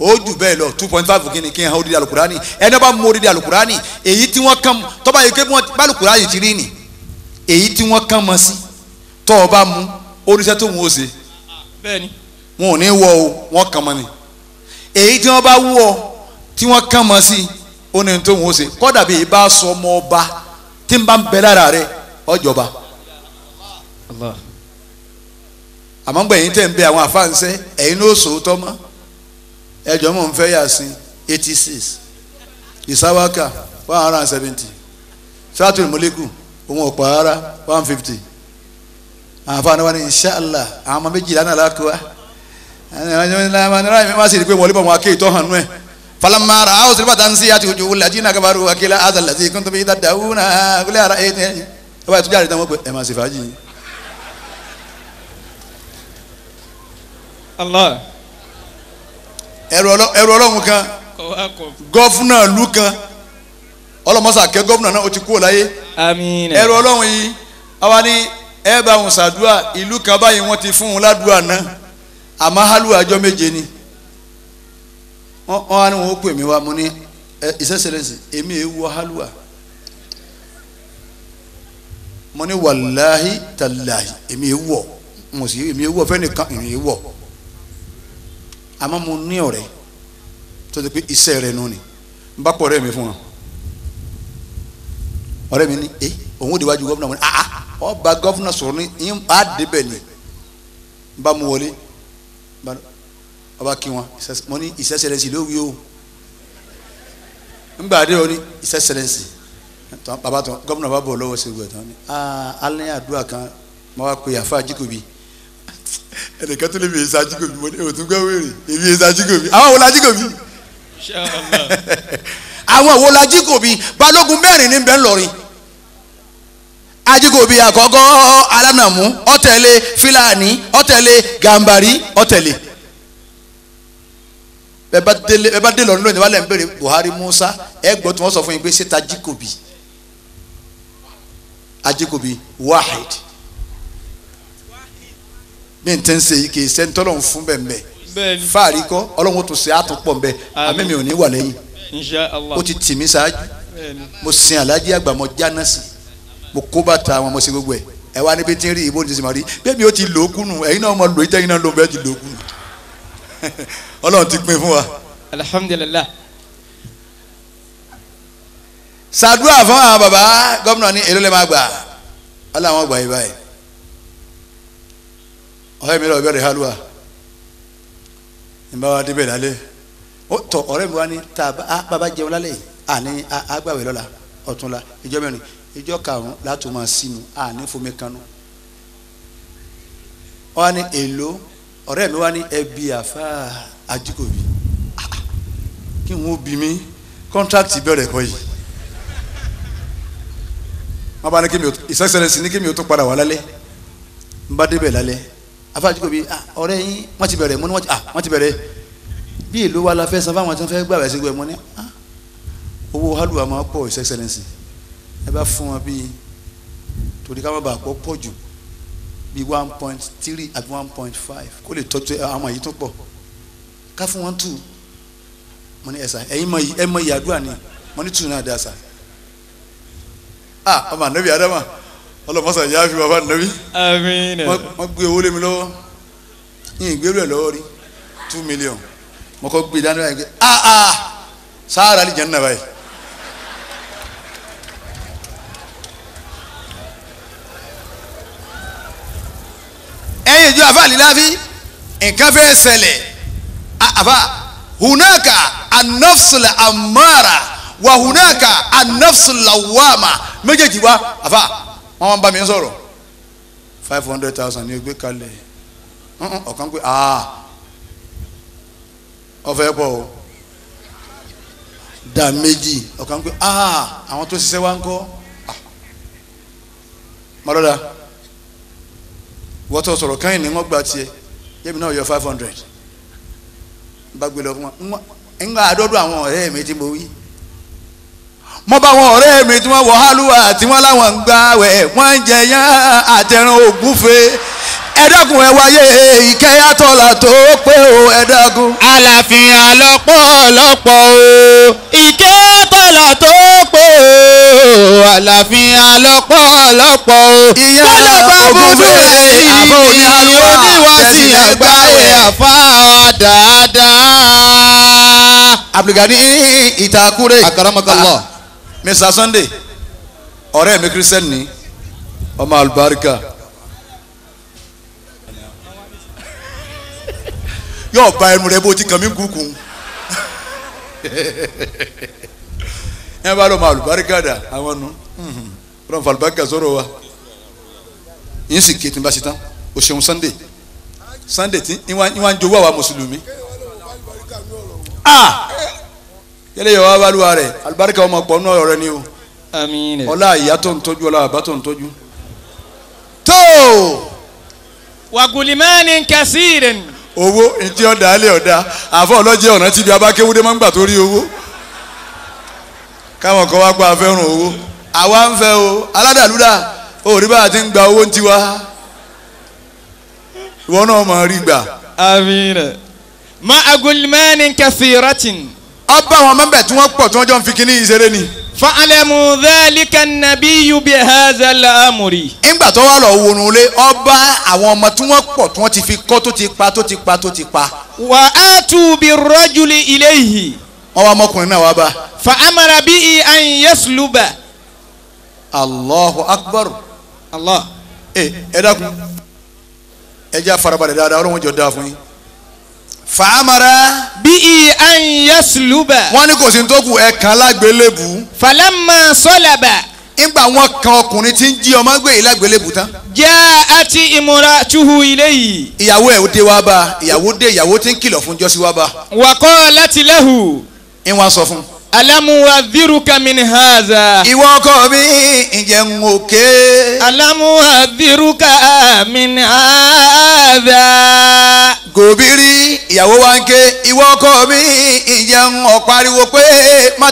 o jù bẹ́ẹ̀ lọ two point five kìíní kí n ha odidi alukurani ẹni bá mú odidi alukurani èyí tí wọ́n kàn tọ́ba yìí ké bá alukurani ti rí ni èyí tí wọ́n kàn mọ́ sí tọ́ ọ bá mú oníṣẹ́ tó wọn ò o ni èyí tí wọ́n bá wú ọ tí wọ́n kàn mọ́ sí ó ní tó ṣe kọ́dà sọ ọmọ ọba tí n bá ń bẹ ẹjọ́ mò ń fẹ́ yà sí eighty six ìsáwákà one hundred and seventy sátúrì mọ́lẹ́kù òun ọ̀pọ̀ ara one fifty àǹfààní wa ni inshàlá àwọn ọmọ méjìlá náà lákòó masiri pe wọlé bọ̀ wọn akéyìí tó hàn nú ẹ falama ara awo siriba ta n si ati ojú wula jina kabaru akela azalasi kuntubi ita dawuna kule ara e tẹ ẹ bá ìtújáde tán wọn pe ẹ ma ṣe fàájì. Allah. ẹ̀rọ ọlọ́run kan gọ́fúnà ìlú kan ọlọ́mọ́sà kẹ́ gọ́fúnà náà ó ti kúrò láyé ẹrù ọlọ́run yìí àwa ni ẹ bá ìlú kan báyìí wọ́n ti fún un ládùúrà náà àmọ́ hálùwà ọjọ́ méje ni wọ́n á ní ní èmi wọ hálùwà mo àmọ́ mo ní ọ̀rẹ́ tó ti pé iṣẹ́ rẹ̀ nù ni n bá pọ̀ ọ̀rẹ́ mi fún wọn ọ̀rẹ́ mi ní ẹ òun ò de wájú gọ́fúnà wọn ni àá ọba gọ́fúnà sọ̀rọ̀ ní yín bá débẹ̀ ni n bá mu wọlé ọba kí wọn mo ní ìsẹsẹrẹsì ló wí o n bá dé o ní ìsẹsẹrẹsì bàbá gọ́fúnà bá bọ̀ lọ́wọ́ sí gbẹ̀tàn ni ah, alẹ́ àdúrà kan mo wá pe àfa jíkòbi ẹnìkan tó lè mi èso ajígòbí mo ní òtún gbẹ wèrè èmi èso ajígòbí àwọn wo la ajígòbí àwọn wo la ajígòbí balógun mẹ́rin ní bẹ́ẹ̀ lọ́rin ajígòbí àkọ́kọ́ alánàmú ọ̀tẹ̀lẹ̀ fílàní ọ̀tẹ̀lẹ̀ gàǹbàrí ọ̀tẹ̀lẹ̀ bẹ́ẹ̀ bá dé lọ́rin lónìí wà bèrè Buhari Musa ẹ gbọ́ tí wọ́n sọ fún yín pé ṣé ta ajígòbí ajígòbí wahid bí n tẹ́ ń ṣe yìí kì í ṣe ń tọ́lọ̀ ń fún bẹ́ẹ̀ bẹ́ẹ̀ fáàrí kọ́ ọlọ́run tó ṣe àtúpọ̀ bẹ́ẹ̀ àmì mi ò ní wà lẹ́yìn ó ti tì mí ṣáájú mo sin alájí àgbà mo jáná sí mo kó bàtà àwọn ọmọ sí gbogbo ẹ̀ ẹ wá níbi tí ń rí ìbò ní sísè máa rí bẹ́ẹ̀ mi ó ti lò ó kùnù ẹ̀yin náà mo lò ó jẹ́yìn náà ló bẹ́ẹ̀ ti lò ó kùnù (laughs) ọlọ́run ti pín fún wa. alhamdulilah. ṣàdúrà fún àwọn bàbá gómìnà ní èlò lè máa gbà ọlọ́run àwọn gbà yìí báyìí ọ̀rẹ́ mi lọ bẹ̀rẹ̀ halluwa ìbá wa débẹ̀ lálẹ́ ó tọ ọ̀rẹ́ mi wá ní tá a bàbá jẹun lálẹ́ àní agbàwẹ̀ lọ́la ọ̀túnla ìjọ mẹ́rin ìjọ karùn-ún látò máa sínú àní fomi kanú wọ́n á ní èlò ọ̀rẹ́ mi wá ní ẹbí àfa àdìgòbí kí n ó bí mi kọ́ńtrákìtì bẹ̀rẹ̀ kọ́ yìí wọ́n bá ní kí mi ò ní kí mi ò tó padà wá lálẹ́ n bá débẹ̀ lálẹ́ afáàjì kò bí ah, ọ̀rẹ́ yín wọ́n ti bẹ̀rẹ̀ mo ní ah, wọ́n ti bẹ̀rẹ̀ bí ìlú wa la fẹ́ san fáwọn tí wọ́n fẹ́ gbàgbé sí gbẹ mo ní ah, owó hálùwà máa pọ̀ his excellency ẹ bá fún wọn bíi torí ká má bàa pọ̀ pọ̀ jù bíi one point three àbí one point five kó lè tọ́jú àwọn èyí tó pọ̀ ká fún wọn two mo ní ẹ sà ẹ̀yin mọ ẹ mọ ìyàdúrà ni mo ní two náà dá sà ah ọmọ ànábì adama ọlọmọsàn yà á fi bàbá nàbí. àmín. wọ́n gbé owó lé mi lọ́wọ́ yín ìgbéró ẹ̀ lọ́wọ́ rí two million mo kọ́ gbé dání báyìí ah ah sáárà lè jẹ́ nínú báyìí. ẹ̀yin ìjọ àfa àlìláfi nǹkan fẹ́ ṣẹlẹ̀ àfa hunaka anafsula amara wa hunaka anafsula wama méjèèjì wa àfa wọ́n máa ń bá mi sọ̀rọ̀ five hundred thousand ni o gbé kalẹ̀ ọ̀kan pé aa ah, ọ̀fẹ́ pọ̀ o dà méjì ọ̀kan pé aa ah, àwọn tó ṣiṣẹ́ wa ń kọ́ ah. mọ́lọ́dà wọ́tọ̀ sọ̀rọ̀ káyìn ni wọ́n gba tiẹ̀ yẹ́bi náà yọ five hundred bá gbé lọ fún wa ńgbà àdọ́dọ̀ àwọn ọ̀rẹ́ mi ti mọ̀ wí mo bá wọn ọ̀rẹ́ mi tí wọ́n wọ hálùwà tí wọ́n láwọn ń gbààwẹ̀ wọ́n ń jẹ yán àtẹran ògúnfe ẹ dákun ẹ wáyé tó pé o ẹ dákun. àlàfíà lọ́pọ̀lọpọ̀ o ìkẹ́ àtọ́là tó pé o àlàfíà lọ́pọ̀lọpọ̀ o. ìyá ògúnfe àbọ̀ òní hálùwà oníwàsí àgbáwẹ̀ àfa dáadáa. Abdulgani Itakure. akaramakallah. Mr Sunday ọ̀rẹ́ mi Christian ni ọmọ àlùbáríkà yóò ba ẹnu rẹ bó ti kàn mí kúkún ẹ bá lọ ọmọ àlùbáríkà dà àwọn nu ọlọ́run fàlùbáríkà sọ̀rọ̀ wa yín sì kí ẹ ti bá ṣe tán o ṣeun Sunday Sunday tí ìwà ń jowó àwa mùsùlùmí ah yẹlẹ yẹwà balùwà rẹ alibarika ọmọ pọ̀ náà ọ̀rẹ́ ni o àmín ọlá ìyá tó ń tọ́jú ọlá bàbá tó ń tọ́jú. tó. wàgùlìmánì kẹsìrìn. owó ntí ọ̀dà alẹ́ ọ̀dà àfọ ọlọ́jẹ́ ọ̀nà tíbi abákéwúdé máa ń gbà torí owó káwọn kan wá pa afẹ́rùn owó àwa ń fẹ́ o aládàlúdà òrí bá a ti ń gba owó ń tiwa ìwọ náà mọ̀ rí gbà. àmín ma agulmani kasiratin ọba àwọn mẹ́mbẹ̀ tí wọ́n pọ̀ tí wọ́n jọ ń fi kíní ìṣeré ni. fa'alamu dhalika nabiyyu bi hadha al-amri. ńgbà tó wà lọ wòrùn lé ọba àwọn ọmọ tí wọ́n pọ̀ tí wọ́n ti fi kọ́ tó ti pa tó ti pa tó ti pa. wa atu bi rajuli ilayhi. wọ́n wá ọmọkùnrin náà wá bá. fa amara bihi an yasluba. allahu akbar. allah. ẹ eh, ẹ dákun ẹ jẹ́ àfarabalẹ̀ dáadáa ọlọ́run jọ dáa fún yín fàámàrà. bí i an yasluba. wọ́n ní kò sí tó kù ẹ̀kan lágbélébù. falama sọlaba. ńgbà wọn kan ọkùnrin tí ń jí ọmọ gbé yìí lágbélébù tán. jẹ́ àti ìmúra tuhu ilé yìí. ìyàwó ẹ̀ dé wá bá ìyàwó dé ìyàwó tí ń kìlọ̀ fún jọ́sí wá bá. wàkọ́ láti lẹ́hù. ń sọ fún un alamu wa dhiru kamin haza. ìwọ ọkọ mi ǹjẹ́ ń alamu wa dhiru kamin haza. Gobiri ìyàwó wa ń ké ìwọ ọkọ mi ǹjẹ́ ń ọ̀pariwo pé má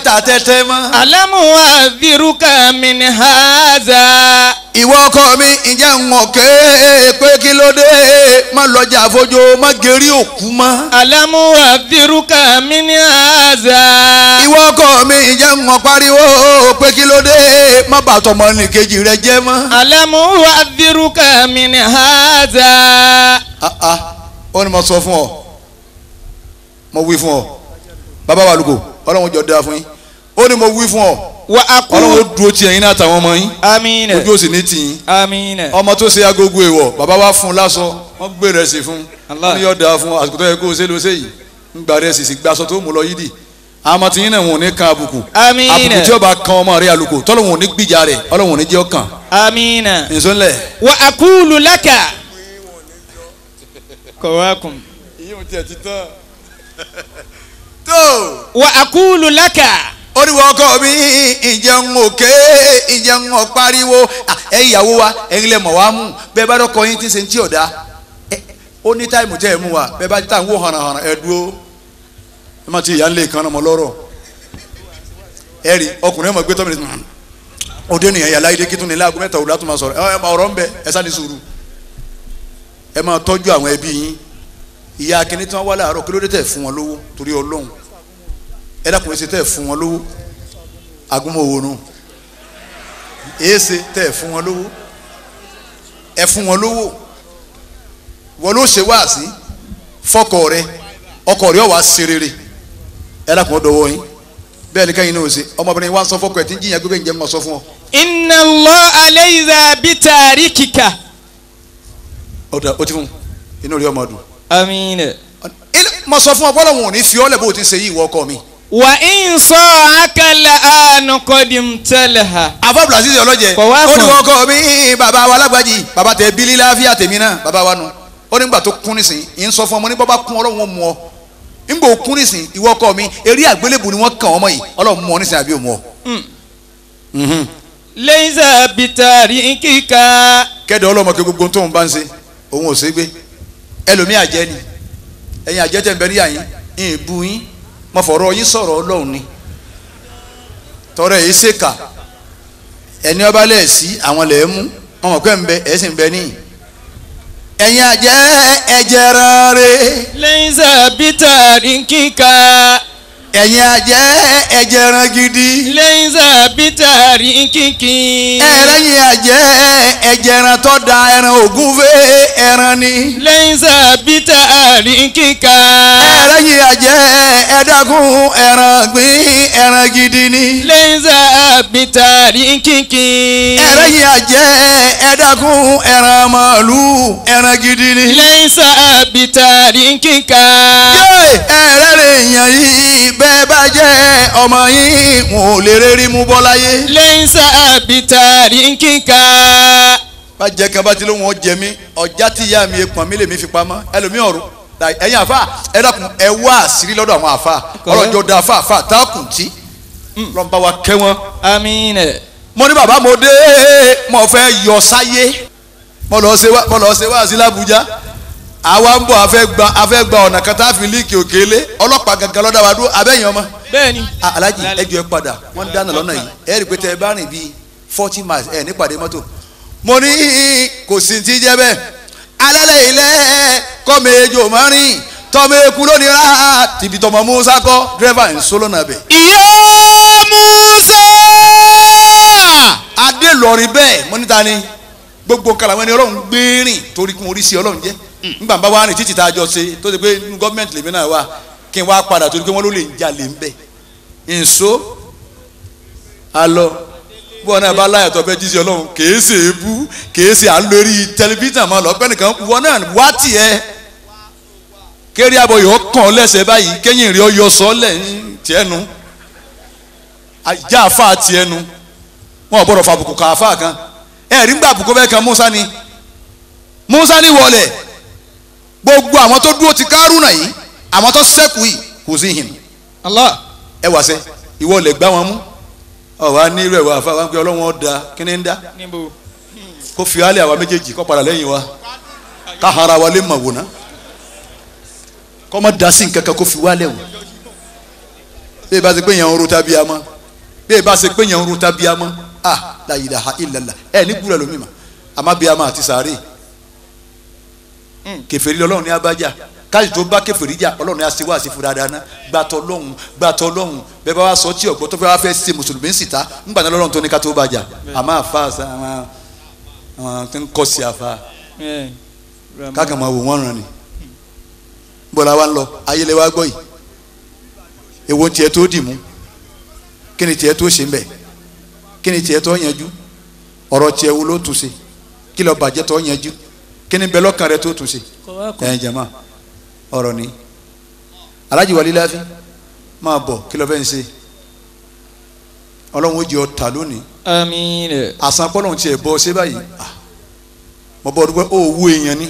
alamu wa dhiru kamin haza ìwọ ọkọ mi ǹjẹ́ ń hàn ké pé kí ló dé má lọ́jà àfojò má gerí òkú mọ́. alamu abdiruka mi ni aza. ìwọ ọkọ mi ǹjẹ́ ń hàn pariwo pé kí ló dé má bàtọ̀ mọ́ nìkejì rẹ jẹ́ mọ́. alamu abdiruka mi ni aza. Ah, ah. ó ní mo sọ fún ọ mo wí fún ọ bàbá wa lóko ọlọ́run jọ dáa fún yín ó ní mo wí fún ọ wa akú. ọlọ́run ó dúró tiẹ̀ yín látàwọn ọmọ yín. amiina ojú òsì ní tiyín. amiina ọmọ tó ṣe agogo èèwọ̀ bàbá wa fún un lásọ wọ́n gbé rẹ̀ sí fún un ní ọ̀dà fún àsìkò tó yẹ kó o ṣe ló ṣe yìí ń gbà rẹ̀ sì sì gbàsọ tó mú lọ yídì àmọ́ tí yín náà wọn ò ní kan àbùkù amiina àbùkù tí ó bá kan ọmọ rẹ̀ àlùkò tọ́lọ́ wọn ò ní gbìjà rẹ̀ ọlọ́run ò ní jẹ́ ọkàn. amiina ìsọlẹ̀. wa akulu laka. kọ̀wákùn. iye òun tiẹ̀ ti tán. tó. wa akulu laka oríwọ ọkọ mi ìjẹun òkè ìjẹun ọ̀pariwo ẹ ìyàwó wa ẹ̀yin lè mọ̀ wá mú bẹ́ẹ̀ bá dọ́kọ yín tí ń ṣe ti ọ̀dà ó ní táìmù tẹ́ ẹ̀ mú wa bẹ́ẹ̀ bá ti táwọn wò hànàhànà ẹ̀ dúró ẹ má ti yà ń lè kan ọmọ lọ́rọ̀ ẹ rí ọkùnrin ọmọ gbé tọ́mìlì òde nìyẹn yàrá ìdè kìtùnú ilé aago mẹ́ta òwúrọ̀ àtúmọ̀ sọ̀rọ̀ ẹ ọ̀rọ̀ ń bẹ ẹ sá ní sùúrù ẹ máa tọ́jú àwọn ẹbí yín ìyá akíní tí wọ́n kí ló dé tẹ̀ fún wọn lówó torí Ọlọ́run ẹ dákun èsì tẹ́ ẹ̀ fún wọn lówó agúnmọ̀wòrán èsì tẹ́ ẹ̀ fún wọn lówó ẹ fún wọn lówó wọn ló ṣe wáàsí fọkọ rẹ ọkọ rẹ ọwà ṣe ẹ dákun ó dọwọ́ yín ni kẹ́yìn náà ṣe ọmọbìnrin wa sọ fọkọ ẹ̀ tí ń jiyàn gbé bẹ́ẹ̀ ń sọ fún ọ. inna Allah laysa bitarikika. ọ̀dà ó ti fún inú rí ọmọ dùn. amiina. mọ̀ sọ fún ọ bọ́lá wọn ò ní fi ọ́ lẹ̀ bó ti ṣe yí ìwọ ọkọ mi wà ń sọ akẹ́lẹ̀ àánú kọ́ di ń tẹ́lẹ̀ ha. afọ́bùlà sísè ọlọ́jẹ̀ ó ní wọ́n kọ́ mi bàbá wa alágbàjì bàbá tẹ bílí láfíà tèmi náà bàbá wa nù ó ní gbà tó kún nísìn yìí ń sọ fún ọmọ ní bọ́bá kún ọlọ́run mú ọ ń gbò kún nísìn ìwọ kọ́ mi eré àgbélébù ni wọ́n kàn ọmọ yìí ọlọ́run mú ọ nísìn àbí òmù ọ. lẹ́yìnsà bìtàrí kíkà. kẹ́dọ̀ ọlọ́mọ kí gbogbo tóun bá ń ṣe òun ò ṣe gbé ẹlòmíà jẹ́ ni ẹ̀yin àjẹtẹ̀ ń yín ìbú yín mo fọ̀rọ̀ yín sọ̀rọ̀ ọlọ́run ni tọrọ èyí ṣèkà ẹni ọba lẹ̀ sí àwọn lẹ̀ mú ọmọ kẹ́ ń bẹ ẹ̀ sì ń bẹ níyì ẹ̀yin àjẹ́ ẹ̀jẹ̀ rẹ̀. lẹ́yìn sábìtà ní kíkà ẹ̀yin ajẹ́ ẹ̀jẹ̀ ran gidi. lẹ́yìn sábìtà rí kíkì. ẹ̀rẹ́yìn ajẹ́ ẹ̀jẹ̀ ran tó da ẹran ògúnfẹ́ ẹran ni. lẹ́yìn sábìtà rí kíkà. ẹ̀rẹ́yìn ajẹ́ ẹ̀dàkùn ẹran gbìn ẹran gidi ni. lẹ́yìn sábìtà rí kíkì. ẹ̀rẹ́yìn ajẹ́ ẹ̀dàkùn ẹran màálù ẹran gidi ni. lẹ́yìn sábìtà rí kíkà. ẹ̀rẹ́ rẹ̀ yàn yìí bẹ́ẹ̀ bá jẹ́ ọmọ yín wọn ò lè rí mú bọ́ láyé. lẹ́yìn sábìtà rí kíkà. bàjẹ́ kan bá ti lóun ọ̀jẹ̀ mi ọ̀já tí ìyá mi pọ̀n mi lè mi fi pamọ́ ẹlòmíì ọ̀rọ̀ ẹ̀yin àfa ẹ ẹ wá àṣírí lọ́dọ̀ àwọn àfa ọlọ́jọ́ da àfa àfa táàkùn tí mm. lọ́nba wa kẹ́ wọn. àmín. mo ní bàbá mo dé mo fẹ́ yọ sáyé mo lọ ṣe wá sí l'Abuja àwa ń bọ̀ afẹ́ gba afẹ́ gba ọ̀nà kan tá a fi líìkì òkèlè ọlọ́pàá gangan lọ́dọ̀ wa dúró abẹ́yìn ọmọ. bẹ́ẹ̀ni. alhaji ẹjọ ẹ padà wọn dáná lọ́nà yìí ẹ rí i pé tẹ ẹ bá rìn bíi forty miles ẹ nípàdé mọ́tò. mo ní kò sí ti jẹ́ bẹ́ẹ̀ alálẹ̀ ilẹ̀ kọ́mi ejò máa rìn tọ́mọ eku lónìí rà tìbí tọmọ musa kọ́ dírẹ́fà ń solo náà bẹ̀. ìyá musa. adé lọrin bẹ́ẹ̀ mọ́nítà ni gbogbo kàlàwé ni ọlọ́run gbé rìn torí kún oríṣi ọlọ́run jẹ́ nígbà bá wà ní tá a jọ ṣe tó ṣe pé gọ́ọ̀mẹ̀ntì lèmi náà wà kí n wá padà torí pé wọ́n ló lè ń jalè ń bẹ̀ alọ bí náà bá láyà tó fẹ́ jíṣe ọlọ́run kèé ṣe é bú kèé ṣe à ń lórí tẹlifíṣàn máa lọ kàn lẹ́sẹ̀ báyìí kéyìn rí yọ sọ́ọ́lẹ̀ tiẹ̀nu ajá àfa tiẹ̀nu wọn ò gbọ́dọ̀ gbogbo àwọn tó dúró ti kárùnà yìí àwọn tó sẹ́kù yìí kò sí hìn Allah ẹ wà sẹ ìwọ lè gbá wọn mú ọwọ ní irú ẹwà àfa wọn pé ọlọ́wọ́n da kíní ń da kó fi alẹ́ àwa méjèèjì kó padà lẹ́yìn wa káhara wa lè mọ̀ wò ná kó da sí nǹkan kó fi wálẹ̀ wò bí ẹ bá ṣe pé yẹn ń ro tábí a bí ẹ bá ṣe pé yẹn ń ro tábí a ah la ilaha illallah ẹ ní gbúrẹ́ lómi mà àmàbí a mọ́ àti sàárè Mm. kèfèrí lọ́lọ́run ní abájà káyì tó bá kèfèrí jà ọlọ́run ní aṣèwà àṣìfò dáadáa ná gbàtọ́ lọ́hùn gbàtọ́ lọ́hùn bẹ́ẹ̀ bá wá sọ tí ọ̀gbọ́n tó fẹ́ wá fẹ́ ṣe mùsùlùmí ń sìta ńgbà náà lọ́rùn tó ní ká tó bàjà àmọ́ àfa àwọn àwọn tó ń kọ́ sí àfa káàkiri máa wò wọ́n ràn ni bọ́lá wa ń lọ ayẹlẹ wa gbọ́ yìí èwo tiẹ̀ tó dì mú kí ni tiẹ̀ tó ṣe ń bẹ̀ kí ni tiẹ̀ tó yanjú ọ̀rọ̀ tiẹ̀ wo ló tún ṣe kí ló bàjẹ́ tó yanjú kíni bẹ lọ́kàn rẹ tó tún ṣe ẹ̀yin jama ọ̀rọ̀ ni alájí wàlí láfi máa bọ̀ kí ló fẹ́ ń ṣe ọlọ́run ó jẹ́ ọ ta lónìí àmín àṣà bọ́lọ̀ tiẹ̀ bọ́ ṣé báyìí mo bọ́ dúpẹ́ ó wú èèyàn ní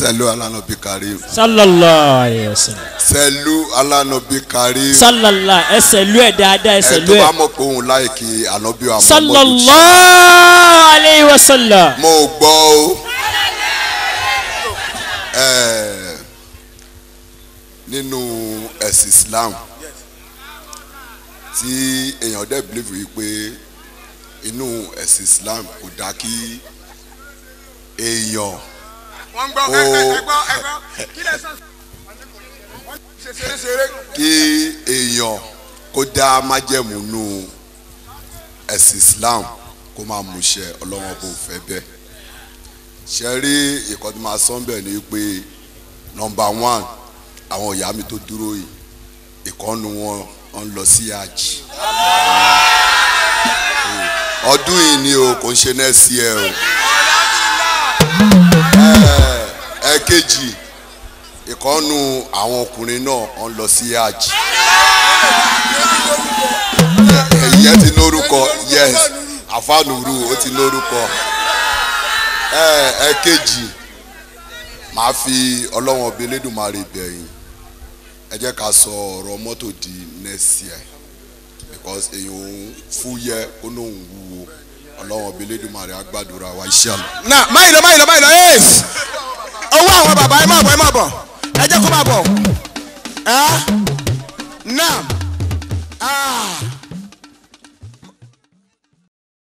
Sallu ala nabi karim. Sallallahu alayhi wa sallam. Sallu ala nabi karim. Sallallahu ẹ sẹ̀lú ẹ̀ dáadáa ẹ sẹ̀lú ẹ̀. Ẹ tó bá mọ̀ pé òun láìkí ànábì wa. Sallallahu alayhi wa sallam. Mo gbọ́ o. Nínú ẹ̀sìn Islam tí èèyàn dẹ̀ believe yìí pé inú ẹ̀sìn Islam kò dá kí èèyàn wọ́n gbọ́ ẹgbọ́ ẹgbọ́ kí lè sọ kí èèyàn kó dá májẹ̀mú nù ẹ̀sìn Islam kó máa mú iṣẹ́ ọlọ́wọ́n kò fẹ́ bẹ́ẹ̀ ṣe rí ìkọ́ni sọ́ńbẹ̀ ni pé nọmba one àwọn ìyá mi tó dúró yìí ìkọ́nu wọn ń lọ sí àjì ọdún yìí ni o kò ń ṣe next year o ẹ̀kejì ìkọ́nu àwọn ọkùnrin náà ń lọ sí hajj ìyẹn ti lórúkọ yes àfàlùrù ó ti lórúkọ ẹ̀kejì màá fi ọlọ́wọ́n ọbẹ̀ lẹ́dùnmarè bẹ̀yìn ẹ jẹ́ ká sọ ọ̀rọ̀ mọ́tò di next year because èyàn òun fúyẹ́ ó lóun wúwo ọlọ́wọ́n ọbẹ̀ lẹ́dùnmarè á gbàdúrà wa inshallah. na máyìnà máyìnà máyìnà yes owó àwọn bàbá ẹ má bọ̀ ẹ má bọ̀ ẹ jẹ́ kó má bọ̀ ẹ náà.